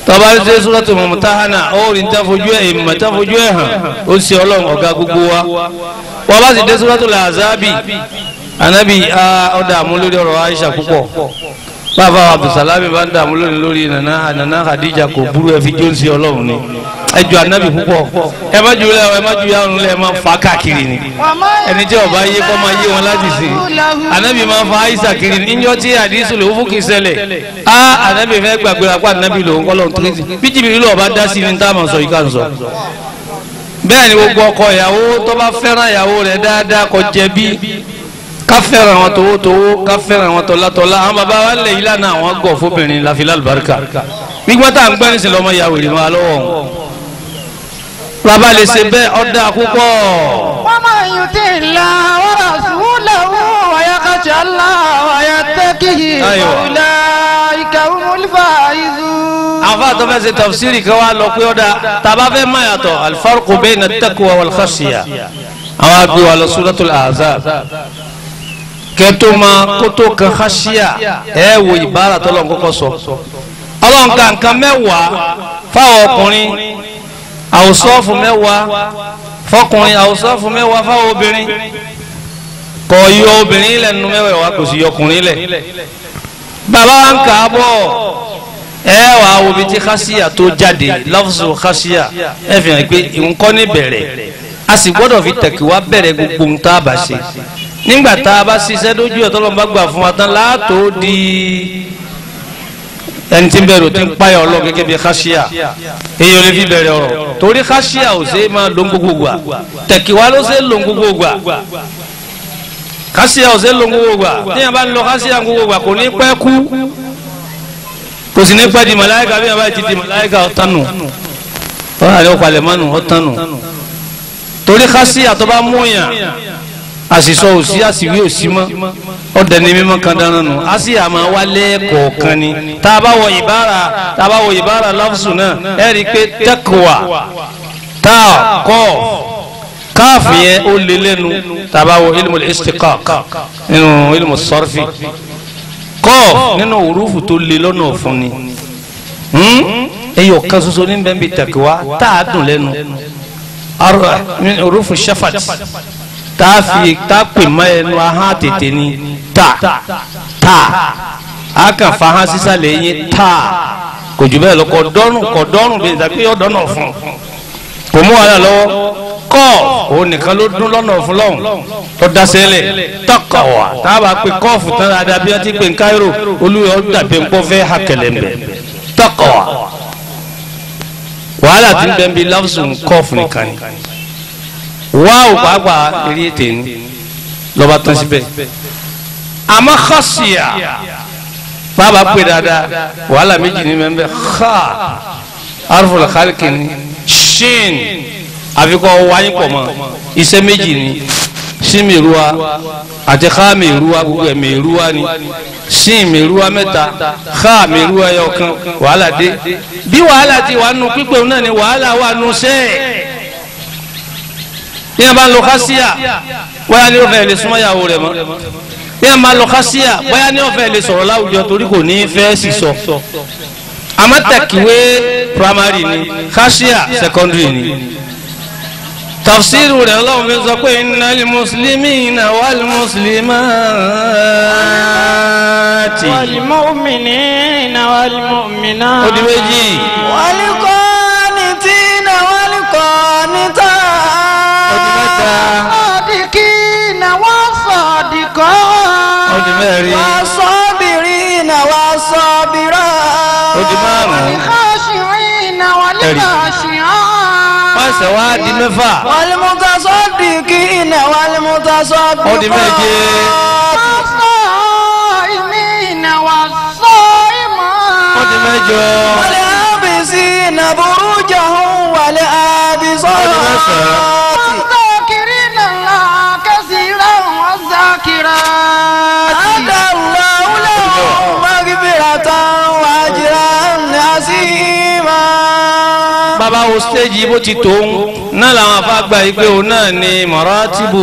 tọ́ba dé suratu mọ̀mọ́tàhánà ó rí ní tẹ́fojú ẹ̀ ìmọ̀ tẹ́fojú ẹ̀ hàn ó sì ọlọ́run ọ̀gá gbogbo wa wọ́n bá sì dé suratu làzábì anabi ọ̀dà àmúlórí ọ̀rọ̀ Aisha púpọ̀ bàbá Abdulsalami bá ń dààmú lónìí lórí nana Khadija kò burú ẹ fi jó sí ọlọ́run ni ẹ jù ànábì púpọ̀ ẹ má jù lẹ́wọ̀ ẹ má jù yàrá lẹ́ẹ̀ má fa káàkiri ni ẹni tí ọba yé kọ́ máa yé wọn láti sè ànábì máa fa àìsà kiri ni níjọ́ tí àdìsù lè fún kì í ṣẹlẹ̀ á ànábì fẹ́ gbàgbé apá ànábì lòun kọ́ lọ́n tóbi bí jìbìrì lọ́ọ̀ bá dá sí ni táwọn sọ yìí ká sọ bẹ́ẹ̀ ni gbogbo ọkọ ìyàwó tó bá fẹ́ràn ìyàwó rẹ̀ dáadáa kò jẹ̀bi ká fẹ́ràn àwọn tòwó tòwó ká fẹ́ràn àwọn tọ́látọ́lá àwọn bàbá wa lè yí lánàá àwọn gọ̀ fóbìnrin láfi lálùbáríkà nígbà tá à ń gbẹ́rìnsìn lọ́mọ ìyàwó ìrìnnà lọ́wọ́ wọn bàbá lè ṣe bẹ́ẹ̀ ọ̀dà púpọ̀. wọ́n máa ń yùn tí ì la wọ́rọ̀ sùúlẹ̀ wù ọ̀yà kàṣà ńlá ọ̀yà tẹ́kìyì ìwàlẹ̀ ìkàwé mọ́lífà ìzú. àfa tó fẹ́ ṣe tafsiri kan wá lọ pé ọ̀dà tàbá máa yàtọ̀ al-farqu bayna at-taqwa wal-khashya àwọn àgbẹ̀ wà lọ suratul Ahzab kẹtó máa kótó kan khashya ẹ̀ wò ìbára tọ́lọ́ nǹkan kan sọ ọlọ́nkà nǹkan mẹ́wàá fáwọn ọkùnrin àwòsọ́ọ̀fù mẹ́wàá fọkùnrin àwòsọ́ọ̀fù mẹ́wàá fáwọn obìnrin kò yọ obìnrin ilẹ̀ nínú mẹ́wàá wa kò sì yọ ọkùnrin ilẹ̀ bàbá wa ń kà á bọ̀ ẹ wà á wo bí tí kásíyà tó jáde lọ́fọ̀sọ̀ kásíyà ẹ fi hàn pé nǹkan ní bẹ̀rẹ̀ a sì gbọ́dọ̀ fi tẹ̀kí wá bẹ̀rẹ̀ gbogbo ohun tá a bá ṣe nígbà tá a bá ṣiṣẹ́ lójú ẹ̀ gbà fún wa tán láàtó di ẹni tí ń bẹ̀rù tí ń páyà ọlọ́ gẹ́gẹ́ bí káṣíà èyí ò lè fi bẹ̀rẹ̀ ọ̀rọ̀ torí káṣíà ò ṣe é máa lo gbogbo gbà tẹ̀kíwá ló ṣe é lo gbogbo gbà káṣíà ò ṣe é lo gbogbo gbà téèyàn bá ń lọ káṣíà gbogbo gbà kò ní pẹ́ kú kò sì ní pẹ́ di màláìka bí wọ́n bá ti di màláìka ọ̀tánu wọ́n àlẹ́ ọ̀pàlẹ̀ mánu ọ̀tánu torí káṣíà tó bá mú yàn àṣìṣọ òsì ọdẹ ni mímọ kan dáná nù á sì àmọ́ wálé kọ̀ọ̀kan ni tá a bá wọ ìbára tá a bá wọ ìbára lọ́fùsù náà ẹ rí i pé tẹ́kùwà tá a kọ́ káàfù yẹn ó lé lẹ́nu tá a bá wọ ilmu istiqaq nínú ilmu sọ́rfì kọ́ nínú òrùfù tó lé lọ́nà ọ̀fun ni hmm? ẹyọ kan ṣoṣo ní bẹ́ẹ̀ bí tẹ̀kùwà tá a dùn lẹ́nu òrùfù shafat tá a fi tá a pè mọ́ ẹnu ahọ́n àtètè ni ta ta a kàn fa hàn sísàlẹ̀ yín ta kò jù bẹ́ẹ̀ lọ kọ dọ́rùn kọ dọ́rùn bẹ́ẹ̀ dàbí yọ dọ́nà fún kò mú wàhálà lọ́wọ́ kọ́ òun nìkan ló dún lọ́nà fún lọ́hùn tó dasẹ́ lẹ̀ tọkọ̀ wà táwa pé kọ́ọ̀fù tán dàbí ọtí pé nkáírò olúwa ó dàbí nǹkan fẹ́ hakẹlẹ̀ mbẹ́ tọkọ̀ wà wàhálà tí ń bẹ́ẹ̀ bí láwùsùn kọ́ọ̀fù nìkan ni wáwù pàápàá eré ètè ni lọ́ba tán síbẹ̀ àmọ́ xọ́sìyà bàbá pè dáadáa wàhálà méjì ní mẹ́mbẹ́ xa arúfò la xaali kìíní shin àfikọ́ wáyé pọ̀ mọ́ iṣẹ́ méjì ní shin mèrúwa àti xa mèrúwa gbogbo ẹ̀ mèrúwa ni shin mèrúwa mẹ́ta xa mèrúwa yọ kan wàhálà dé bí wàhálà ti wà nù pípẹ́ náà ni wàhálà wà nù sẹ́ẹ̀ ní a bá ń lo xasiya wọ́n á ní o fẹ́ lè súnmọ́ yàwó rẹ̀ mọ́ bí wọn bá lọ kásíà bóyá ní ọ̀fẹ́ lè sọ̀rọ̀ láwùjọ torí kò ní fẹ́ sì sọ amátẹ̀kíwé primary ni kásíà secondary ni tafsiru rẹ̀ ọlọ́run fi sọ pé innal muslimina wal muslimati wal mu'minina wal mu'minati ó di méjì wal kọ́. mẹ́rin. wà á sọ bìrì iná wà á sọ bìrà. ó di márùn-ún. wọ́n ní ká ṣì rí iná wọ́n ní ká ṣì hàn ẹsẹ̀ wá di mẹ́fà. wàlímúta sọ́ọ̀dì kí iná wàlímúta sọ́ọ̀dì kọ́. ó di méje. sọ ìmí iná wà sọ ìmọ̀. ó di mẹ́jọ. wàlẹ́ àbísí iná burújà hùn wàlẹ́ àbísọ̀rọ̀. ó di mẹ́sàn-án. bàbá wo stéèjì bó ti tó ń náà làwọn afágbà yìí pé òun náà ni mọ̀rọ́tìbù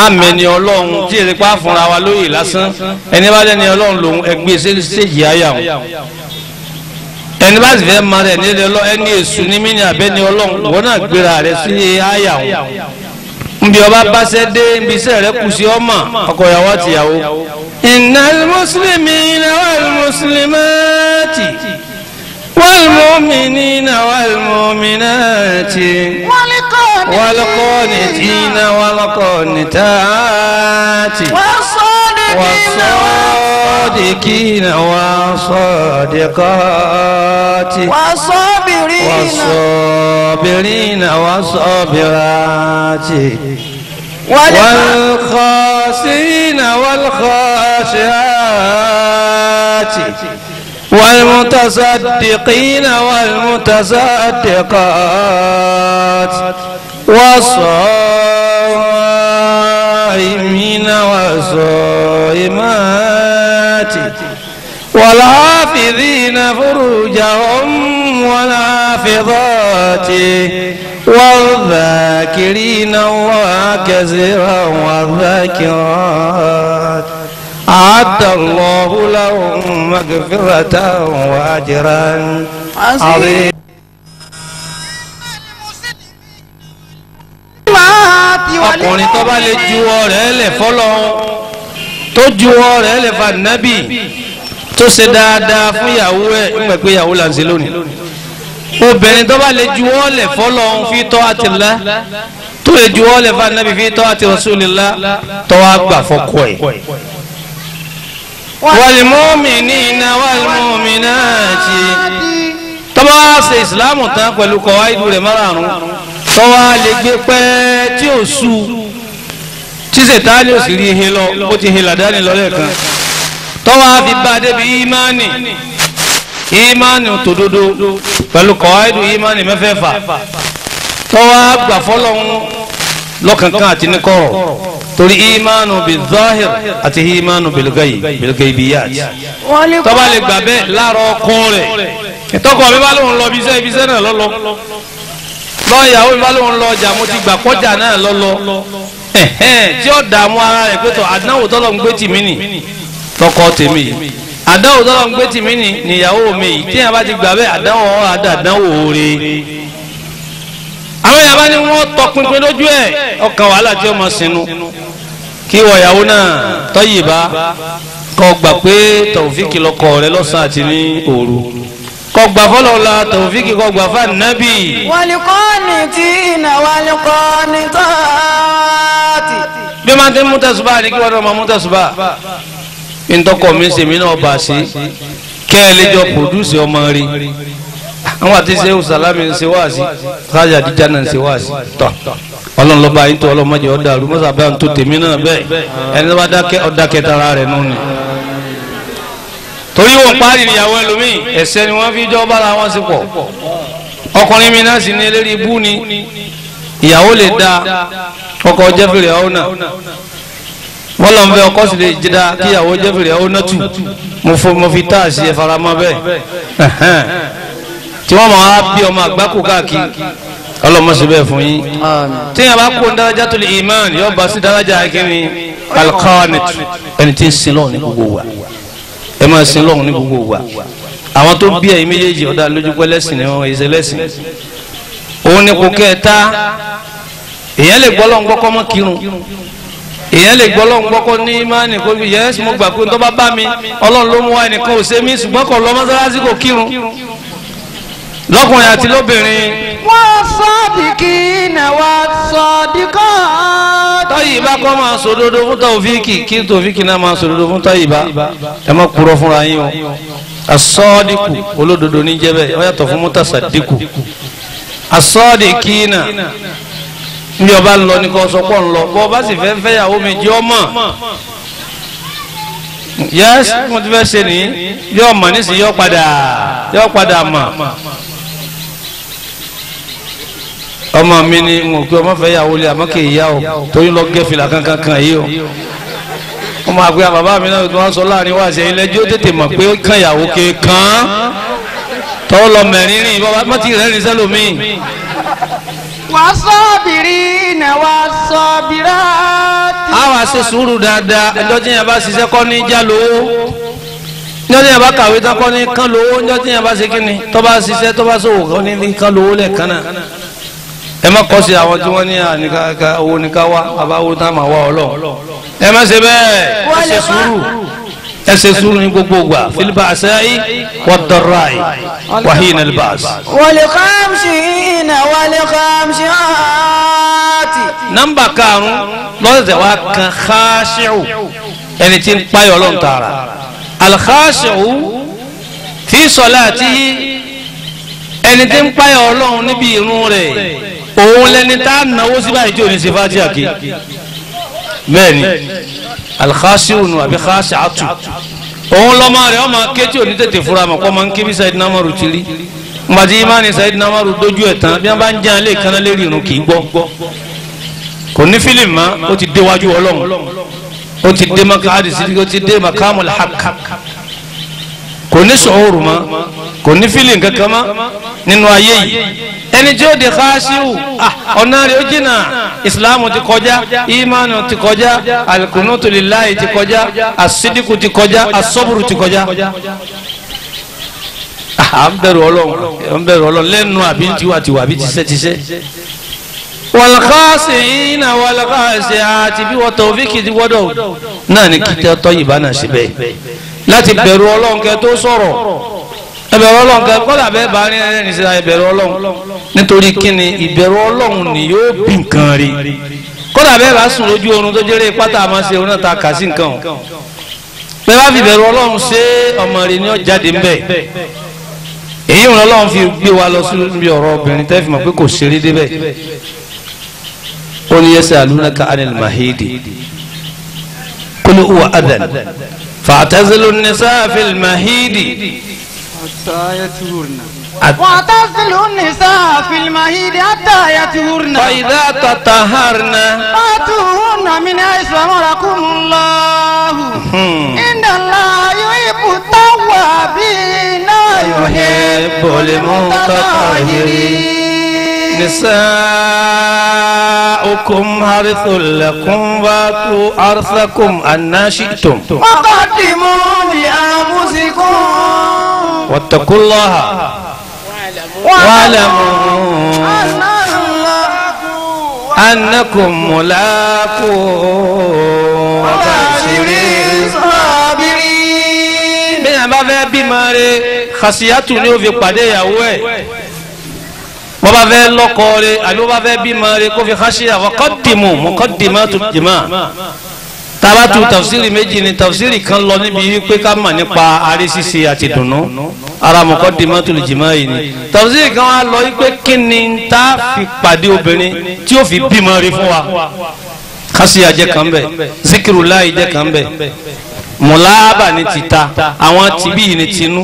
amẹni ọlọ́run tí èrè pa fúnra wa lóye lásán ẹni bá lẹni ọlọ́run lòun ẹgbẹ́ stéèjì ayà wọn ẹni bá sì fẹ́ máa rẹ̀ nílẹ̀ ọlọ́ ẹni èṣù ní mí ni àbẹ́ni ọlọ́run wọn náà gbéra rẹ̀ sí ayà wọn nbí ọba báṣẹ dé nbí iṣẹ́ rẹ̀ kù sí ọmọ ọkọ ìyàwó àtìyàwó. innal muslimina wal muslimati. والمؤمنين والمؤمنات والقانتين والقانتات والصادقين والصادقات والصابرين والصابرين والصابرات والخاسرين والخاشعات والمتصدقين والمتصدقات والصائمين والصائمات والحافظين فروجهم والحافظات والذاكرين الله كثيرا والذاكرات أعد الله لهم مغفرة وأجرا عظيما ọkùnrin tó bá lè juwọ́ rẹ̀ lẹ̀ fọlọ́ tó juwọ́ rẹ̀ lẹ̀ fa nábì tó ṣe dáadáa fún ìyàwó ẹ̀ ńgbà pé ìyàwó là ń ṣe lónìí obìnrin tó bá lè juwọ́ lẹ̀ fọlọ́ fi tọ́ àti la tó lè juwọ́ lẹ̀ fa nábì fi tọ́ àti rasulillah tó wá fọkọ ẹ̀ wàlmúmìnínà wàlmúmìnáàtì tọ́wọ́ ṣe ìsìláàmù tán pẹ̀lú kọ̀wá ìlú rẹ̀ márààrún tọ́wọ́ lè gbé pẹ́ tí ò sú tí sètáàlì ò sì rí ihe lọ ó ti hin làdáni lọ lẹ́ẹ̀kan tọ́wọ́ fi bá débi ìmánì ìmánì tòdodo pẹ̀lú kọ̀wá ìlú ìmánì mẹ́fẹ̀ẹ̀fà tọ́wọ́ gbà fọ́lọ́hún lọ́kànkán àti níkọ̀rọ̀ torí imanu bil zahir àti imanu bil gayi bil gaybiyat tó bá lè gbà bẹ́ẹ̀ láàárọ̀ ọkùn rẹ̀ tọkọ mi bá lóun lọ bí iṣẹ́ ibi iṣẹ́ náà lọ́lọ́ lọ́ọ̀yàwó mi bá lóun lọ ọjà mo ti gbà kọjá náà lọ́lọ́ tí ó dààmú ara rẹ̀ pé tó àdánwò tọ́lọ̀ ń gbé tì mí nì tọkọ tèmi àdánwò tọ́lọ̀ ń gbé tì mí nì nìyàwó mi yìí tí yàrá bá ti gbà bẹ́ẹ̀ àdánwò ọ̀rọ̀ àdánwò òre àwọn yàrá ni wọ́n tọpinpin lójú ẹ̀ ọkàn wàhálà tí ó mọ̀ sínú kí wọ̀yàwó náà tọ́yìnbá kọ́ gbà pé tàwùfíkì lọ́kọ rẹ lọ́sàn àti ní òru kọ́ gbà fọlọ́la tàwùfíkì kọ́ gbà fà nábì. wàlíkọ́ni tí iná wàlíkọ́ni tọ́ọ̀tì. bí máa ń tẹ́ mútàṣùbà ní kí wọ́n náà máa mútàṣùbà ntọkọ mi se mi náà bá se kẹ́ẹ̀lẹ́jọ pòdúsì ọmọ rí àwọn àti sẹ́wù sàlámì ń ṣe wáàsí sájà díjà náà ń ṣe wáàsí tọ́ ọlọ́run lọ́ba yín tó ọlọ́mọdé ọ̀dà rú mọ́sá bá ń tó tèmi náà bẹ́ẹ̀ ẹni tó bá dákẹ́ ọ̀dákẹ́ tara rẹ̀ nù ni. torí wọn parí ìyàwó ẹlòmíì ẹ̀ṣẹ̀ ni wọ́n fi jọ́ bára wọn sí pọ̀ ọkùnrin mi náà sì ní eléré ibú ni ìyàwó lè da ọkọ jẹ́fìrì ọ̀hún náà wọ́n lọ́n fẹ́ ọkọ sì lè jẹ́dá kí ìyàwó jẹ́fìrì ọ̀hún náà tù mo fi táàsì ẹ̀fara mọ́ bẹ́ẹ̀ tí wọ́n mọ̀ á bí ọmọ àgbákò káàkiri ọlọ́mọ sí bẹ́ẹ̀ fún yín tí yẹn kó ní daraja tó lè iman yóò bá sí daraja akínní alqanit ẹni tí ń sin lọ́wọ́ ní gbogbo wa ẹ máa sin lọ́wọ́ ní gbogbo wa àwọn tó bí ẹ̀yin méjèèjì ọ̀dà lójúpẹ́ lẹ́sìn ni wọ́n ẹ̀sẹ̀ lẹ́sìn òun ni kò kẹta èèyàn lè gbọ́ lọ́wọ́ gbọ́kọ́ mọ́ kírun èèyàn lè gbọ́ lọ́wọ́ gbọ́kọ́ ní imáàni kó bí yẹ́sì mo gbà pé tó bá bá mi ọlọ́run ló mú wa ẹnìkan ò ṣe lọ́kùnrin àti lóbìnrin. wọ́n sọ́ọ̀dìkì náà wá sọ́ọ̀dìkọ́. tọ́yìnbá kọ́ máa sòdodo fún tọ́fíìkì kí tọ́fíìkì náà máa sòdodo fún tọ́yìnbá ẹ má kúrò fúnra yín o asọ́ọ̀dìkù olódodo ní jẹ́bẹ̀ ó yàtọ̀ fún mutasaddiku asọ́ọ̀dìkì náà ní ọba ńlọ ní kò sọ pọ̀ ńlọ bọ́ ọba sì fẹ́ fẹ́yàwó mi jẹ́ ọmọ yẹ́sì mo ti fẹ́ ṣe nìyí yọ ọmọ nísìnyí yọ padà yọ padà mọ̀ ọmọ mi ni n kò ọmọ fẹ́ yàwó lé àmọ́ kì í yá o torí lọ gẹ́ fìlà kankan kan yìí o ọmọ àgbẹ̀ bàbá mi náà wọ́n sọ láàrin wá sí ilé jó tètè mọ̀ pé kàn yàwó ké kàn tọ́ lọ mẹ́rin rìn bàbá má ti rẹ́rìn sẹ́lómi. wà á sọ bìrì nà wà á sọ bìrà. a wà ṣe sùúrù dáadáa ẹjọ́ tí yẹn bá ṣiṣẹ́ kọ́ ní já lówó tí yẹn bá kàwé tán kọ́ ní kán lówó njọ́ tí yẹn bá ṣe kí ni tọ́ bá ṣiṣẹ́ tọ́ bá ṣòwò kọ́ ní kán lówó lẹ̀ kán náà ẹ má kọ́ sí àwọn tí wọ́n ní àníkàkà owó níká wá àbáwò tá a máa wá ọlọ́run ẹ má ṣe bẹ́ẹ̀ ẹ ṣe sùúrù ẹ ṣe sùúrù ní gbogbo ìgbà filipa asayi wà dọ̀rọ̀ ayi wà hí iná libas. wọlé kàmṣí iná wọlé kàmṣí àti. nọ́mbà karùn lọ́sẹ̀ wa kan xaṣẹ́wò ẹni tí ń payọ̀ lọ́n tààrà alxaṣẹ́wò fi sọ̀lá àti ẹni tí ń payọ̀ lọ́n níbi ìrun rẹ̀ òun lẹni tá a náwó sí báyìí tí ò ní ṣe fájíà kí bẹ́ẹ̀ ni alxasiwunu àbí xasi atu òun lọ́mọ rẹ̀ ọmọ kéjì ò ní tètè fura mọ̀ kọ́ mọ̀ ń kébí Sayyidina Umaru ti rí gbàtí imáni Sayyidina Umaru dojú ẹ̀ tán bí wọ́n bá ń jẹ́ alẹ́ ìkànnì lérí irun kì í gbọ́ kò ní fílìmù mọ́ ó ti déwájú ọlọ́run ó ti dé makadi sí ó ti dé makamul haq kò ní sọ̀hóòrù mọ́ kò ní fílìmù kankan mọ́ nínú ayé yìí ẹni tí ó di xaasiu ah, ọ̀nà rẹ̀ ó jìnnà ìsìláàmù ti kọjá ìmánu ti kọjá alikunutu lillahi ti kọjá asidiku ti kọjá asọ́buru ti kọjá ah, à ń bẹ̀rù ọlọ́run à ń bẹ̀rù ọlọ́run lẹ́nu àbí tiwa tiwa àbí tiṣẹ́ tiṣẹ́ wàlàkàṣe iná wàlàkàṣe àti bí wọ́n tọ̀fíkì ti wọ́dọ̀ náà ni kí tẹ́ náà ṣe bẹ́ẹ̀ láti bẹ̀rù ọlọ́run kẹ́ tó sọ̀rọ̀ ẹbẹ̀rù ọlọ́run kan kọ́dà bẹ́ẹ̀ bá rí ẹrẹ́ ní síra ẹbẹ̀rù ọlọ́run nítorí kíni ìbẹ̀rù ọlọ́run ni yóò bí nǹkan rí kọ́dà bẹ́ẹ̀ bá sùn lójú oorun tó jẹ́rẹ́ pátá àmọ́ ṣe oná ta kà nǹkan o bẹ́ẹ̀ bá fi bẹ̀rù ọlọ́run ṣe ọmọ rẹ̀ ni ó jáde ńbẹ̀ èyí ń lọ́lọ́run fi gbé wa lọ síbi ọ̀rọ̀ obìnrin tẹ́ fi mọ̀ pé kò ṣeré débẹ̀ ó ní yẹsẹ̀ alúnaka anil mahidi kúlú huwa adan fa'tazilu nisa mahidi. حتى يطهرن واعتزل النساء في المهيد حتى فإذا فاتوهن من حيث أمركم الله إن الله يحب التوابين يحب المتطهرين نساؤكم حرث لكم واتوا أرثكم أن شئتم وقدموا لأنفسكم واتقوا الله واعلموا أنكم ملاقو وبشر الصابرين bí a bá fẹ́ bímọ rẹ̀ khasiyatu ni ó fi pàdé ìyàwó ẹ̀ wọ́n bá fẹ́ lọ́kọ rẹ̀ àbí wọ́n bá fẹ́ bímọ rẹ̀ kó fi khasiya waqaddimu muqaddimatu jima' tàbá tu tafsiri méjì ni tafsiri kan lọ níbi wípé ká mọ̀ nípa arí ṣíṣe àti dùnú ara mọ̀kọ́ di mọ́tòlù jìmọ́ yìí ni tafsiri kan wá lọ wípé kí ni tá a fi pàdé obìnrin tí ó fi bímọ rí fún wa kásíyà jẹ́ kan bẹ̀ zikirulayi jẹ́ kan bẹ̀ mùláàbà ni ti ta àwọn tìbí ni tinú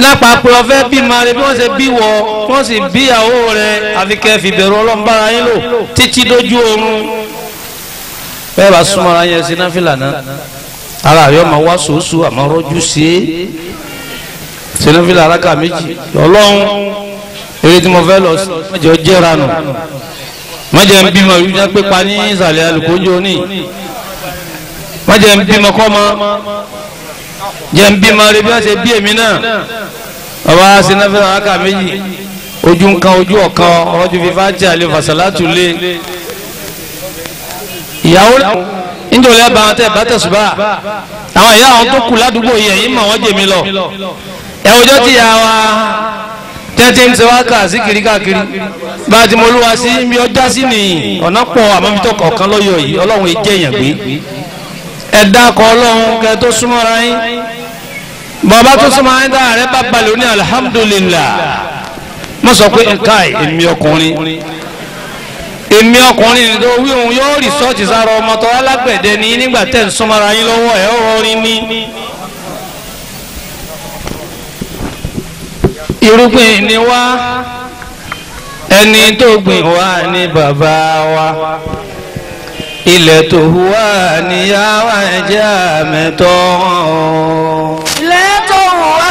lápapọ̀ ọ̀fẹ́ bí ma bí wọ́n ṣe bí wọ wọ́n sì bí ìyàwó rẹ àfikẹ́ fìbẹ̀rù ọlọ́mbára yín lò títí dójú oorun bẹ́ẹ̀ bá súnmọ́ ara yẹn sí náfìlà náà ara rẹ̀ ọmọ wá sòósù àmọ́ rọ́jú sí é sí náfìlà alákà méjì ọlọ́run eré tí mo fẹ́ lọ sí mọ́jọ jẹ́ra nù mọ́jọ ń bímọ ìlú jẹ́ pípa ní ìsàlẹ̀ alùpùpù ní mọ́jọ ń bímọ kọ́mọ jẹ́ ń bímọ rẹ bí wọ́n ṣe bí èmi náà ọba sí náfìlà alákà méjì ojú nǹkan ojú ọ̀kan ọ̀rọ̀jú fífá jẹ́ àlè fàṣàlátù lé ìyàwó nítorí ẹ bá wọn tẹ bá tẹsùbà àwọn ìyá àwọn tó kù ládùúgbò yẹn yìí mọ wọn jèmi lọ ẹ ọjọ́ tí ya wa tẹ́tí ń sẹ́wá kà sí kiri káàkiri bá a ti mọ olúwa sí bí ọjà sí nìyí ọ̀nà pọ̀ àmọ́mítọ́ kọ̀ọ̀kan lọ́yọ̀ yìí ọlọ́run èjẹ́ èèyàn gbé ẹ dákọ̀ ọlọ́run kẹ tó súnmọ́ra yín bàbá tó súnmọ́ra yín dára rẹ bá balẹ̀ ó ní alihamudulilayi mo sọ pé nǹkan èmi ọkùnrin èmi ọkùnrin tó wí òun yóò rìsọ́ọ̀tì sára ọmọ tó alágbẹ̀dẹ ní nígbà tẹ́ ń súnmọ́ra yín lọ́wọ́ ẹ̀ ó rọrí ní. irúgbìn ni wá ẹni tó gbìn wá ní bàbá wa ilẹ̀ tó hù wá níyàwó ẹ̀jẹ̀ mẹ́tọ́. ilẹ̀ tó hù wá.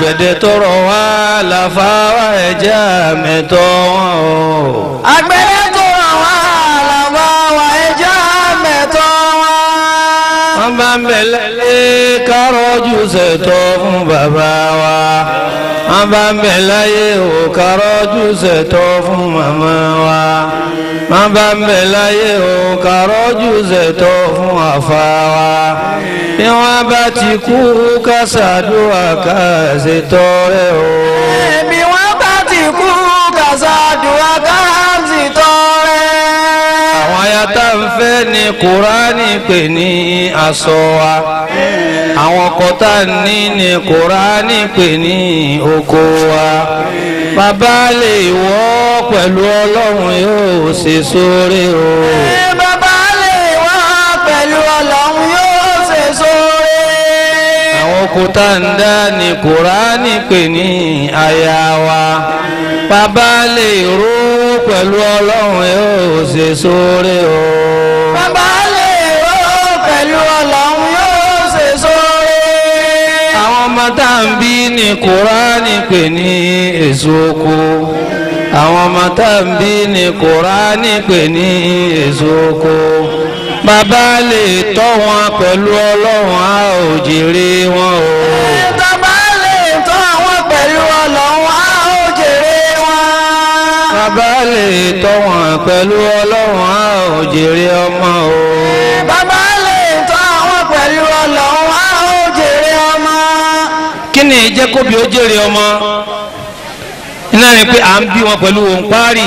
agbẹ̀dẹ tọrọ wá làfáwá ẹja mẹtọ wọn o. agbẹ̀dẹ tọrọ wá làfáwá ẹja mẹtọ wọn. wọn bá ń bẹ̀lẹ̀ lé kárọ̀jù ṣètò fún bàbá wa wọ́n bá ń bẹ̀ láyé ò kárọ́jú fún màmá wa wọ́n bá ń bẹ̀ láyé ò kárọ́jú fún àfa wa bí wọ́n bá ti kú ká ṣàdúrà ká ṣètò rẹ̀ o. bí wọ́n bá ti kú ká ṣàdúrà ká ṣètò rẹ̀ o àyà tá ń fẹ́ ni kùránì pè ní aṣọ wa àwọn ọkọ̀ tá ń ní ni kùránì pè ní oko wa bàbá lè wọ́ pẹ̀lú ọlọ́run yóò ṣe sóore o. bàbá lè wọ́ pẹ̀lú ọlọ́run yóò ṣe sóore. àwọn ọkọ̀ tá ń dá ni kùránì pè ní aya wa. Yeah bàbá lè ró pẹ̀lú ọlọ́run ẹ ò ṣe sóore o. bàbá lè ró pẹ̀lú ọlọ́run yóò ṣe sóore. àwọn ọmọ tá à ń bí ní kúránì pè ní èso oko àwọn ọmọ tá ń bí ní kúránì pè ní èso oko bàbá lè tọ́ wọn pẹ̀lú ọlọ́run a ò jèrè wọn o. bá lè tọ́ wọn pẹ̀lú ọlọ́run á ò jèrè ọmọ o. bàbá lè tọ́ wọn pẹ̀lú ọlọ́run á ò jèrè ọmọ. kí ni ìjẹ́ kóbi ó jèrè ọmọ iná ni pé à ń bí wọn pẹ̀lú òun páàrì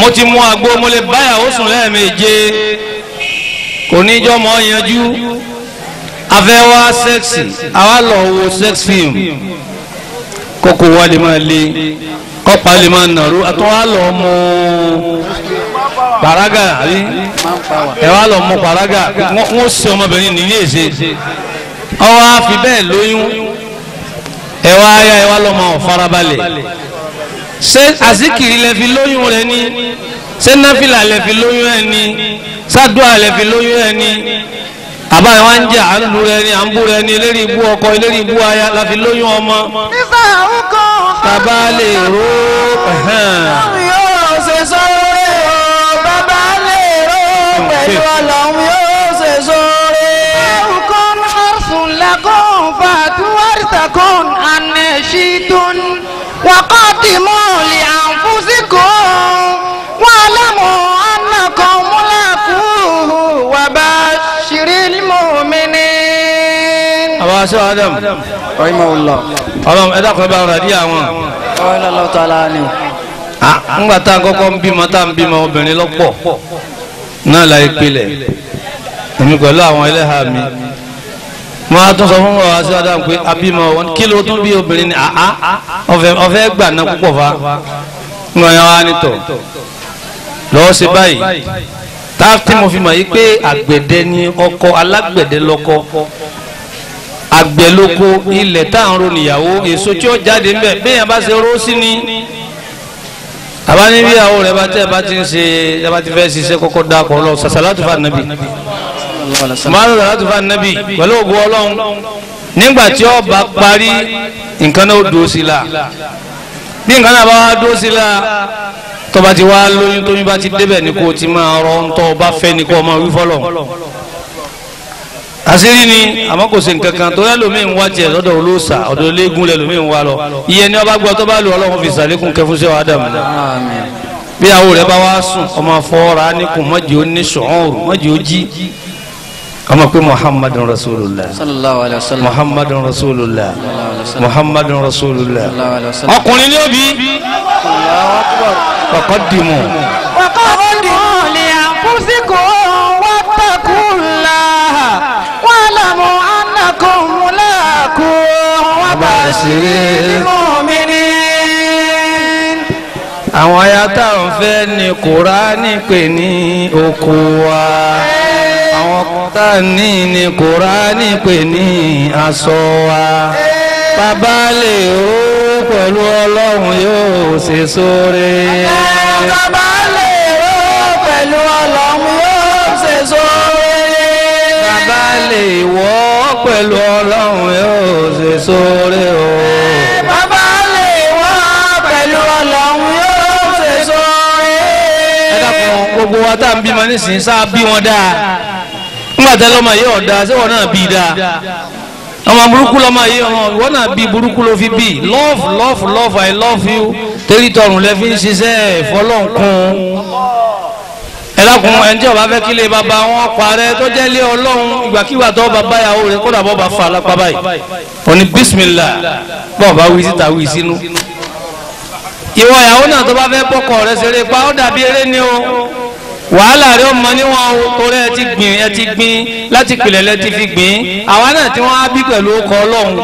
mo ti mú agbó mo lè báyà báyàwó sùn lẹ́ẹ̀méje kò ní jọ́ mọ́ yanjú afẹ́ wá sẹ́ksì àwa lọ wo sex film. kókó wa lè máa le kọ́pa lè máa nàró àtúwá lọ mú paraga àbí ẹ wá lọ mú paraga wọ́n ṣe ọmọbìnrin nílé èsè ọwọ́ àfi bẹ́ẹ̀ lóyún ẹ wá yá ẹ wá lọ́mọ ọ̀farabalẹ̀ ṣé àsìkiri lẹ fi lóyún rẹ ní ṣé náfìlà lẹ fi lóyún ẹ ní ṣàdúrà lẹ fi lóyún ẹ ní àbá ẹ̀ wọ́n ń jà à ń lu ẹni à ń bú ẹni eléri ibú ọkọ eléri ibú aya la lóyún ọmọ. fífà òkò bàbá lè ró. yóò ṣe sọ́wọ́ bàbá lè ró pẹ̀lú ọlọ́ adam rahimahullah ọlọ́run ẹ dákun ẹ bá rà dí àwọn. ọlọ́run tó ala ni. ńgbà tá a kọ́kọ́ ń bímọ tá a ń bímọ obìnrin lọ́pọ̀ náà la ìpìlẹ̀ èmi pẹ̀lú àwọn ẹlẹ́hàá mi mo á tún sọ fún wa sí adam pé abímọ wọn kí ló tún bí obìnrin ni àá ọ̀fẹ́ gbà náà púpọ̀ fa ńgbà yẹn wá nítọ̀ lọ́wọ́ sí báyìí tá a ti mo fi mọ̀ yí pé àgbẹ̀dẹ ni ọkọ alágbẹ̀dẹ lọ́kọ àgbẹ̀lóko ilẹ̀ tá à ń ro nìyàwó èso tí ó jáde ń bẹ̀ bẹ́ẹ̀ yẹn bá ṣe ró sí ni àbá ní bí àwọn rẹ̀ bá tẹ́ bá ti ń ṣe ẹ bá ti fẹ́ ṣiṣẹ́ kọ́kọ́ dákọ̀ lọ sàṣàlátù fún anabi máa ń sàṣàlátù fún anabi pẹ̀lú ògbó ọlọ́run nígbà tí ó bá parí nǹkan náà ó dúró sí la bí nǹkan náà bá wá dúró sí la tó ti wá lóyún tóyún bá ti débẹ̀ ní kó o ti máa rọ ń tọ́ ọ bá fẹ́ ní kó o máa wí fọ́lọ́ àṣírí ni àmọ́ kò ṣe nǹkan kan tó lẹ́lòmíín wá tiẹ̀ lọ́dọ̀ olóòṣà ọ̀dọ̀ eléégún lẹ́lòmíín wá lọ iye ni ọba gbọ́ tó bá lu ọlọ́run fi sàlékún kẹfún sí ọ̀ádàmù bí àwọn rẹ̀ bá wá sùn ọmọ afọ́ra níkùn mọ́jì ó ní sọ̀hún mọ́jì ó jí kama pe muhammadun rasulullah sallallahu alaihi wasallam muhammadun rasulullah muhammadun rasulullah ọkùnrin ni ó bí kọkọ dìmọ. kọkọ dìmọ lè àkúsí kò àṣírí lil-mu'minin. àwọn aya tá à ń fẹ́ ni kùránì pè ní oko wa àwọn tá à ní ni kùránì pè ní aṣọ wa bàbá lè ó pẹ̀lú ọlọ́run yóò ṣe sóore. bàbá lè ó pẹ̀lú ọlọ́run yóò ṣe sóore lè wọ́ pẹ̀lú ọlọ́run ẹ ṣe sóore o. bàbá lè wọ́ pẹ̀lú ọlọ́run ẹ ṣe sóore. ẹ dàpọ̀ gbogbo wa tá à bímọ nísìnyí sáà bí wọn dáa nígbà tẹ lọ́mọ yìí ọ̀dà ṣé wọn náà bí dáa ọmọ burúkú lọ́mọ yìí ọmọ wọn náà bí burúkú ló fi bí love love love i love you torí tọrùn ń ṣiṣẹ́ ìfọlọ́nkún ẹlákun ẹni tí ó bá fẹ́ kí lè bàbá wọn parẹ́ tó jẹ́ lé ọlọ́run ìgbàkígbà tó bàbá yàwó rẹ̀ kódà bọ́ bá fa alápá báyìí òní bísímìlà bọ́ọ̀ bá wí síta wí sínú. ìwọ ìyàwó náà tó bá fẹ́ bọ́kọ rẹ̀ ṣeré pa ó dàbí eré ni o wàhálà rẹ̀ ó mọ níwọ̀n o torí ẹ ti gbìn ẹ ti gbìn láti pìlẹ̀ lẹ ti fi gbìn àwa náà tí wọ́n á bí pẹ̀lú ọkọ ọlọ́run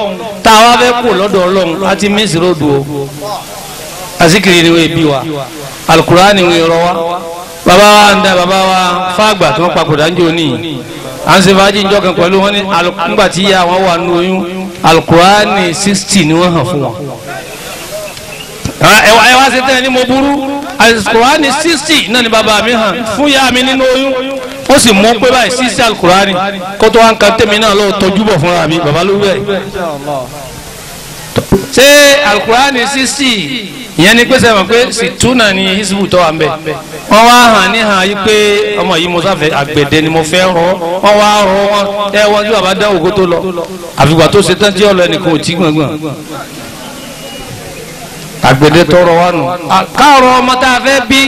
tá a wá fẹ́ kú lọ́dọ̀ ọlọ́run á ti mí ìṣòro dùn o àsìkiri ni wọ́n ebi wa alukurani ni wọ́n rọ wa. Baba, wa ń da bàbá wa fagba, tí wọ́n papòdà ń jò ní à ń ṣe fàájì ìjọ kan pẹ̀lú wọn ní nígbà tí ìyá wọn wà nù oyún alukurani sixty ni wọ́n hàn fún wọn. ẹwà ẹwà ṣe tẹ́lẹ̀ ní mo burú alukurani sixty náà ni bàbá mi hàn fún ìyá mi nínú oyún ó sì mọ pé báyìí sixty alukurani kótó wa ń ka tèmi náà lọ́wọ́ tọ́jú bọ̀ fúnra mi bàbá ló wẹ̀ ṣé alukurani sixty ìyẹn ni pé sẹ ma pé situna ni hisibu tọ wa ń bẹ wọn wá hàn ní hàn yí pé ọmọ yìí mo sáfẹ àgbẹ̀dẹ ni mo fẹ́ rọ wọn wá rọ wọn ẹ wọn ju àbá dán ògo tó lọ àfìgbà tó ṣe tán tí ọlọ ẹnìkan ò tí gbọngbọn àgbẹ̀dẹ tọrọ wa nù. káàrọ ọmọ tá a fẹ́ bí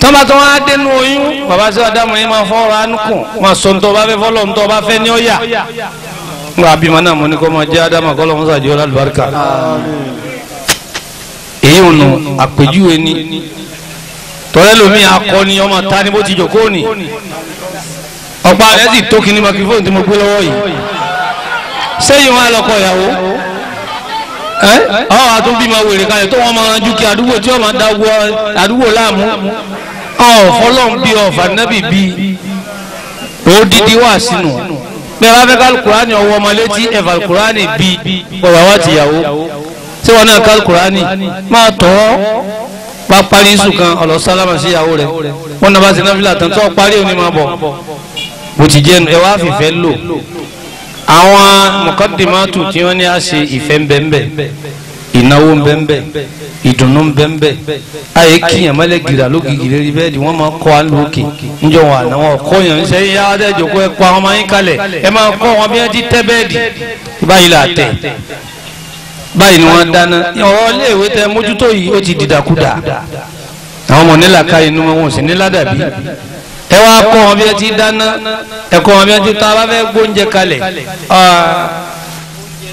tọ́ba tó dénú oyún bàbá sẹ́wọ̀n dáhùn yín máa fọ́ ọ̀rọ̀ anú kùn wọn sọ ntọ́ bá fẹ́ fọ́lọ́ ntọ́ bá fẹ́ ní ọ̀yà ngbà abimọ náà mo ní kọ́ mọ jẹ́ adama kọ́ lọ́wọ́ sàjọ́ lálùbáríkà èyí ò nù àpèjúwe ni tọ́lẹ́ lomi akọni ọmọ ta ni bó ti jòkó ni ọ̀pá rẹ̀ sì tó kíní microphone tí mo gbé lọ́wọ́ yìí sẹ́yìn wọn lọ́kọ ìyàwó ẹ́ ọ́ àtúnbímọ wèrè kalẹ̀ tó wọ́n máa ju kí àdúgbò tí wọ́n máa dá wọ àdúgbò láàmú ọ̀fọ́lọ́n bí ọ̀fà nẹ́bì bí òdìdí wà sínú bí a bá fẹ́ kálukùránì ọwọ́ ọmọ létí ẹ̀fà kùránì bíi ọ̀yàwó àtìyàwó tí wọn náà kálukùránì máa tọ́ bá parí ń sùn kan ọ̀lọ́ sálámà sí ìyàwó rẹ̀ wọn náà bá ti náfìlà tán tó parí òní máa bọ̀ bó ti jẹ́ ẹ wá fìfẹ́ lò àwọn mọ̀kọ́dìmọ́tù tí wọ́n ní á ṣe ìfẹ́ ń ìnáwó ń bẹ́ńbẹ́ ìdùnnú ń bẹ́ńbẹ́ ayé kíyàn mẹ́lẹ̀ gírà ló gígì lérí bẹ́ẹ̀ ni wọ́n máa kọ́ á lò òkè níjọ wọn àná wọn kọ́ yàn ṣe yá adẹ́jọ́kọ́ ẹ pa ọmọ yín kalẹ̀ ẹ máa kọ́ wọn bí wọ́n ti tẹ́ bẹ́ẹ̀dì báyìí là tẹ̀ báyìí ni wọ́n dáná ọ̀rọ̀ iléèwé tẹ mójútó yìí ó ti dìdàkudà àwọn ọmọ nílà ká inú wọn ò sì ní ládàbí ẹ wá kọ́ wọn bí wọ́n ti dáná ẹ kọ́ wọn bí wọ́n ti tá a bá fẹ́ gbóúnjẹ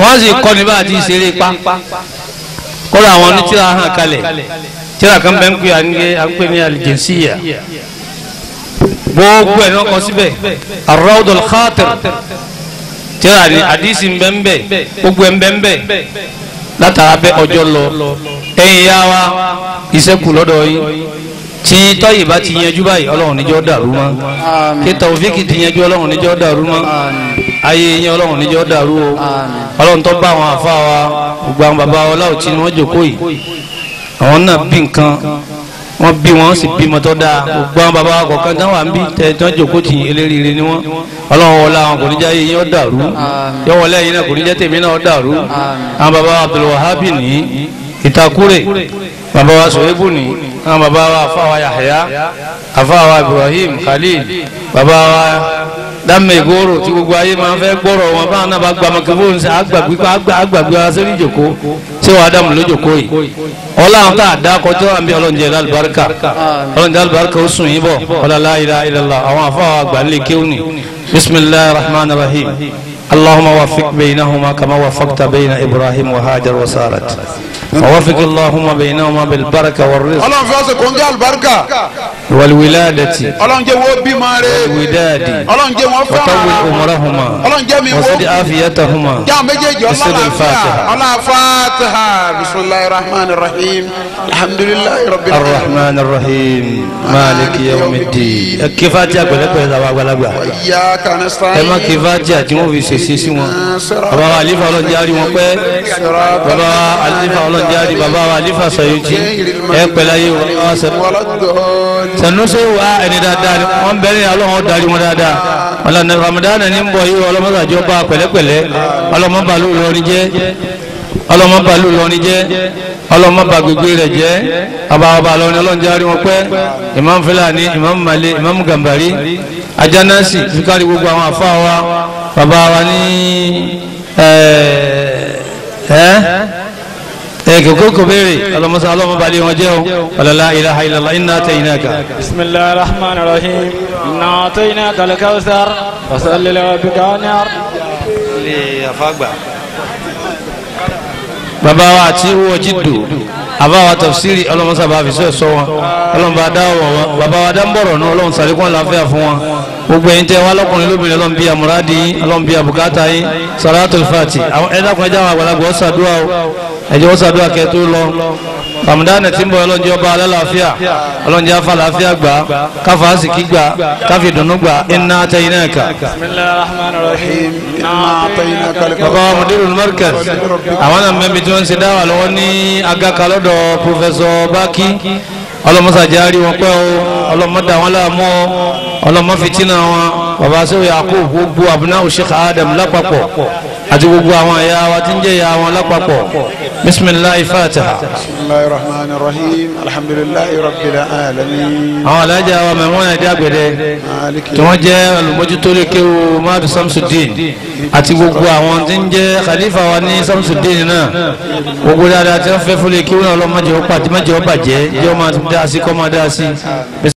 wọ́n sì kọ́ ní bá àti ìṣeré pa kọ́ra àwọn onítìlá hàn kalẹ̀ tíra kan bẹ́ẹ̀ ń pè à ń pè ní alìjẹ̀nsíyà gbogbo ẹ̀ náà kọ síbẹ̀ arọ́dọ̀l khatir tíra ní àdísì ńbẹ́ńbẹ́ gbogbo ẹ̀ ńbẹ́ńbẹ́ látara bẹ́ ọjọ́ lọ ẹ̀yìn yá wa ìṣẹ́kù lọ́dọ̀ yín tí tọ́yì bá ti yanjú báyìí ọlọ́run níjọ́ dàrú mọ́ tí tàwọ́fíkì ti yanjú ọlọ́run níjọ́ dàrú mọ́ ayé yẹn ọlọ́run níjọ́ dàrú o ọlọ́run tó bá àwọn àfa wa gbogbo àwọn bàbá wa láwùjọ tí wọ́n jòkó yìí àwọn náà bí nǹkan wọ́n bí wọ́n sì bímọ tó dáa gbogbo àwọn bàbá wa kọ̀ọ̀kan tán wà ń bí tẹ̀tọ́ jòkó tì eléríire ni wọ́n ọlọ́run wọlé àwọn kò ní jẹ́ yẹn dàrú yọ̀wọ̀lẹ́ yìí náà kò ní Abdul Wahabi ní ìtakúrè bàbá wa sọ̀rọ̀ ébù àwọn bàbá wa àfáwà Yahya àfáwà Ibrahim Khalil bàbá wa dámẹ ìgboro tí gbogbo ayé máa ń fẹ́ gbọ́rọ̀ wọn báwọn náà bá gba microphone ṣe àgbàgbé àgbàgbé wa sórí ìjòkó tí wọn adamu lójòkó yìí ọlọ́run tá a dá kọjọ́ àmì ọlọ́njẹ lálùbáríkà ọlọ́njẹ lálùbáríkà ó sùn yín bọ̀ ọlọ́lá ilaha illallah àwọn àfáwà àgbà ńlẹ̀ kéwù ni bismillahir rahim. اللهم وفق بينهما كما وفقت بين إبراهيم وهاجر وسارت ووفق اللهم بينهما بالبركة والرزق اللهم البركة والولادة والوداد وطول أمرهما اللهم عافيتهما وسد آفيتهما الفاتحة بسم الله الرحمن الرحيم الحمد لله رب العالمين الرحمن الرحيم مالك يوم الدين كفاتيا قلت بلد وإياك نستعين إما كفاتيا تمو في pèsè sí wọn bàbá wa alifa ọlọ́njárí wọn pẹ́ bàbá wa alifa ọlọ́njárí bàbá wa alifa sayuti ẹ pẹ̀lú ayé wọn sanusi wa ẹni dáadáa wọn bẹ̀rẹ̀ ọlọ́wọ́n darí wọn dáadáa ọlọ́nà ramadan ní ń bọ̀ yìí ọlọ́mọdàjọ́ bá pẹ̀lẹ́pẹ̀lẹ́ ọlọ́mọbalú lọ́rin jẹ́ ọlọ́mọbalú lọ́rin jẹ́ ọlọ́mọ bá gbogbo rẹ̀ jẹ́ àbáwọ̀bá lọ́rin ọlọ́njárí wọn pẹ́ imam Filani imam Malik imam Gambari ajanasi fíkàrí gbogbo àwọn àfáà wa bàbá wa ní ẹ̀ẹ́kẹ̀ kókò béèrè ọlọ́mọsá ọlọ́mọbalẹ̀ wọn jẹ́ ọlọ́lá ilaha illallah iná tẹ̀yìnàkà bismillah rahman rahim iná tẹ̀yìnàkà lẹ́kàwùsàr ọ̀sán lẹ́lẹ́wà bí káwọn ní àrùn. ilé àfàgbà. Baba wa àti wọ́n jí dò wa tafsiri ọlọ́mọsá ba fi sọ́ọ̀ sọ wọn ọlọ́mọba dáwọ̀ wọn bàbá wa dáńbọ̀rọ̀ náà ọlọ́run sàríkún àlàáfíà fún wọn gbogbo ẹ̀yin tẹ́ wá lọ́kùnrin lóbìnrin ọlọ́run bí amúradì yín ọlọ́run bí abùkátà salatul fati ẹ̀dá kan ẹja àwọn àgbàlagbà ọ̀sàdúrà ẹ̀jẹ̀ ọ̀sàdúrà kẹ́ tó lọ ramadana tí ń bọ̀ ọlọ́njẹ́ ọba alálàáfíà ọlọ́njẹ́ afálàáfíà gbà káfà àsìkí gbà káfì dùnú gbà inna atainaka. bàbá wa mudirul markaz àwọn náà mẹ́bi tí wọ́n ń ṣe dáwà lọ́wọ́ ní agaka lọ́dọ̀ pòfẹ́sọ bákí ọlọ́mọsàjà rí wọn pẹ́ o ọlọ́mọdà wọn láàmú o ọlọ́mọ fìtínà wọn bàbá sẹ́wọ̀n Yakub gbogbo àbúnáwó Sheikh Adam lápapọ̀ àti gbogbo àwọn ẹ̀yà wa tí ń jẹ́ ìyá wọn lápapọ̀ bisimilahi fatiha. bisimilahi rahman rahim alhamdulilahi rabbil alamin. àwọn alájà wa mẹ́wọ́n ẹ̀dá gbẹ̀dẹ̀ tí wọ́n jẹ́ olùmójútó lè kéwu samsudin àti gbogbo àwọn tí ń jẹ́ khalifa wa ní samsudin náà gbogbo dáadáa tí wọ́n fẹ́ fún lè náà lọ́mọdé ọ̀pá tí jẹ́ ọmọ dáa sí kọ́ dáa sí.